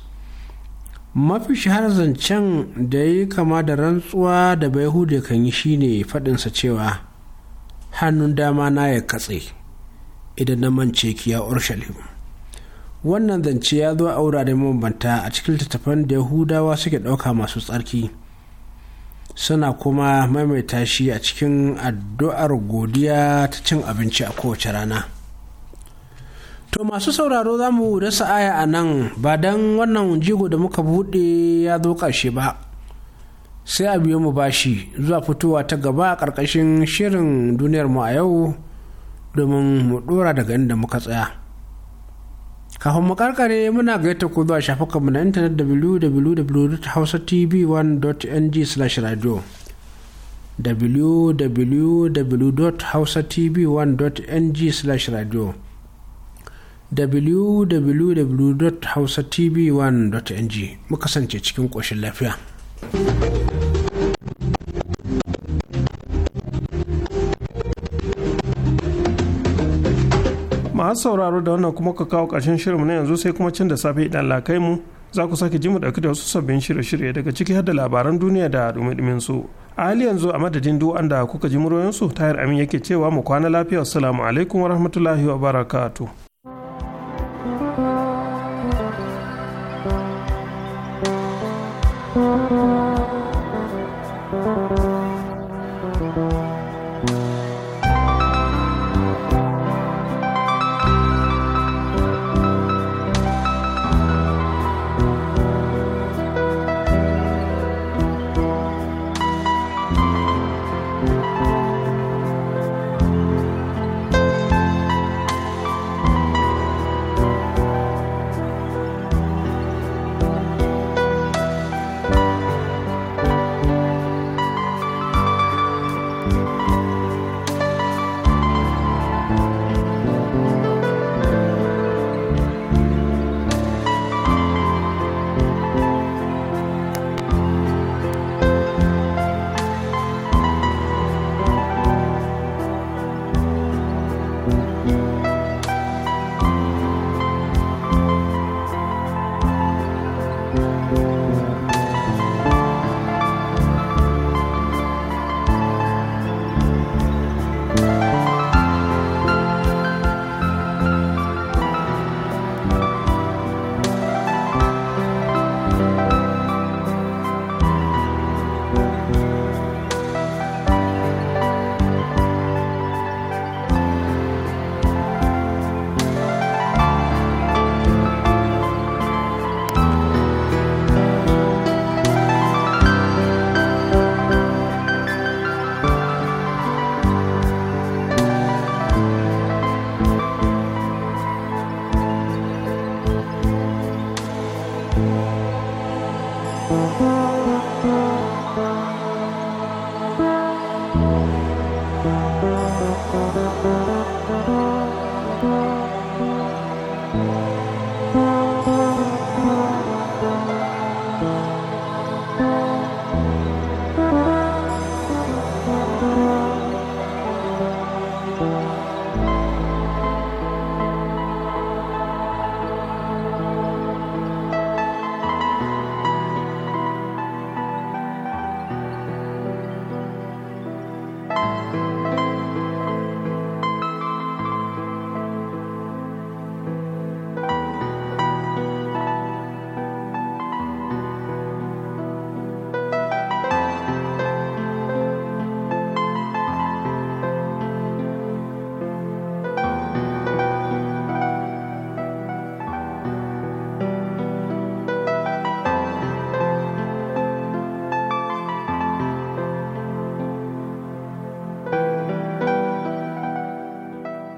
mafi shahar zancen da ya yi kama da rantsuwa da bai kan yi shine faɗinsa cewa hannun dama na ya katse idan na mance kiya ya urshalim wannan zance ya zo a wurare mabambanta a cikin littattafan da yahudawa suke ɗauka masu tsarki suna kuma maimaita shi a cikin addu'ar godiya ta cin abinci a kowace rana to masu sauraro za mu rasa aya a nan ba don wannan jigo da muka buɗe ya zo ƙarshe ba sai a biyo mu bashi zuwa fitowa ta gaba a ƙarƙashin shirin duniyarmu a yau domin mu dora daga inda muka tsaya kafin mu karkare muna gaita ku zuwa shafukanmu na intanet www.hausatv1.ng/radio www.hausatv1.ng/radio www.hausatv1.ng mu kasance cikin ƙoshin lafiya. masu sauraro da wannan kuma ka kawo ƙarshen shirinmu na yanzu sai kuma can da safe idan lakai mu za ku sake ji mu ɗauki da wasu sabbin shirye-shirye daga ciki har da labaran duniya da dumi su a hali yanzu a madadin duk anda kuka ji muryoyinsu tayar amin yake cewa mu kwana lafiya assalamu alaikum wa rahmatullahi wa barakatuh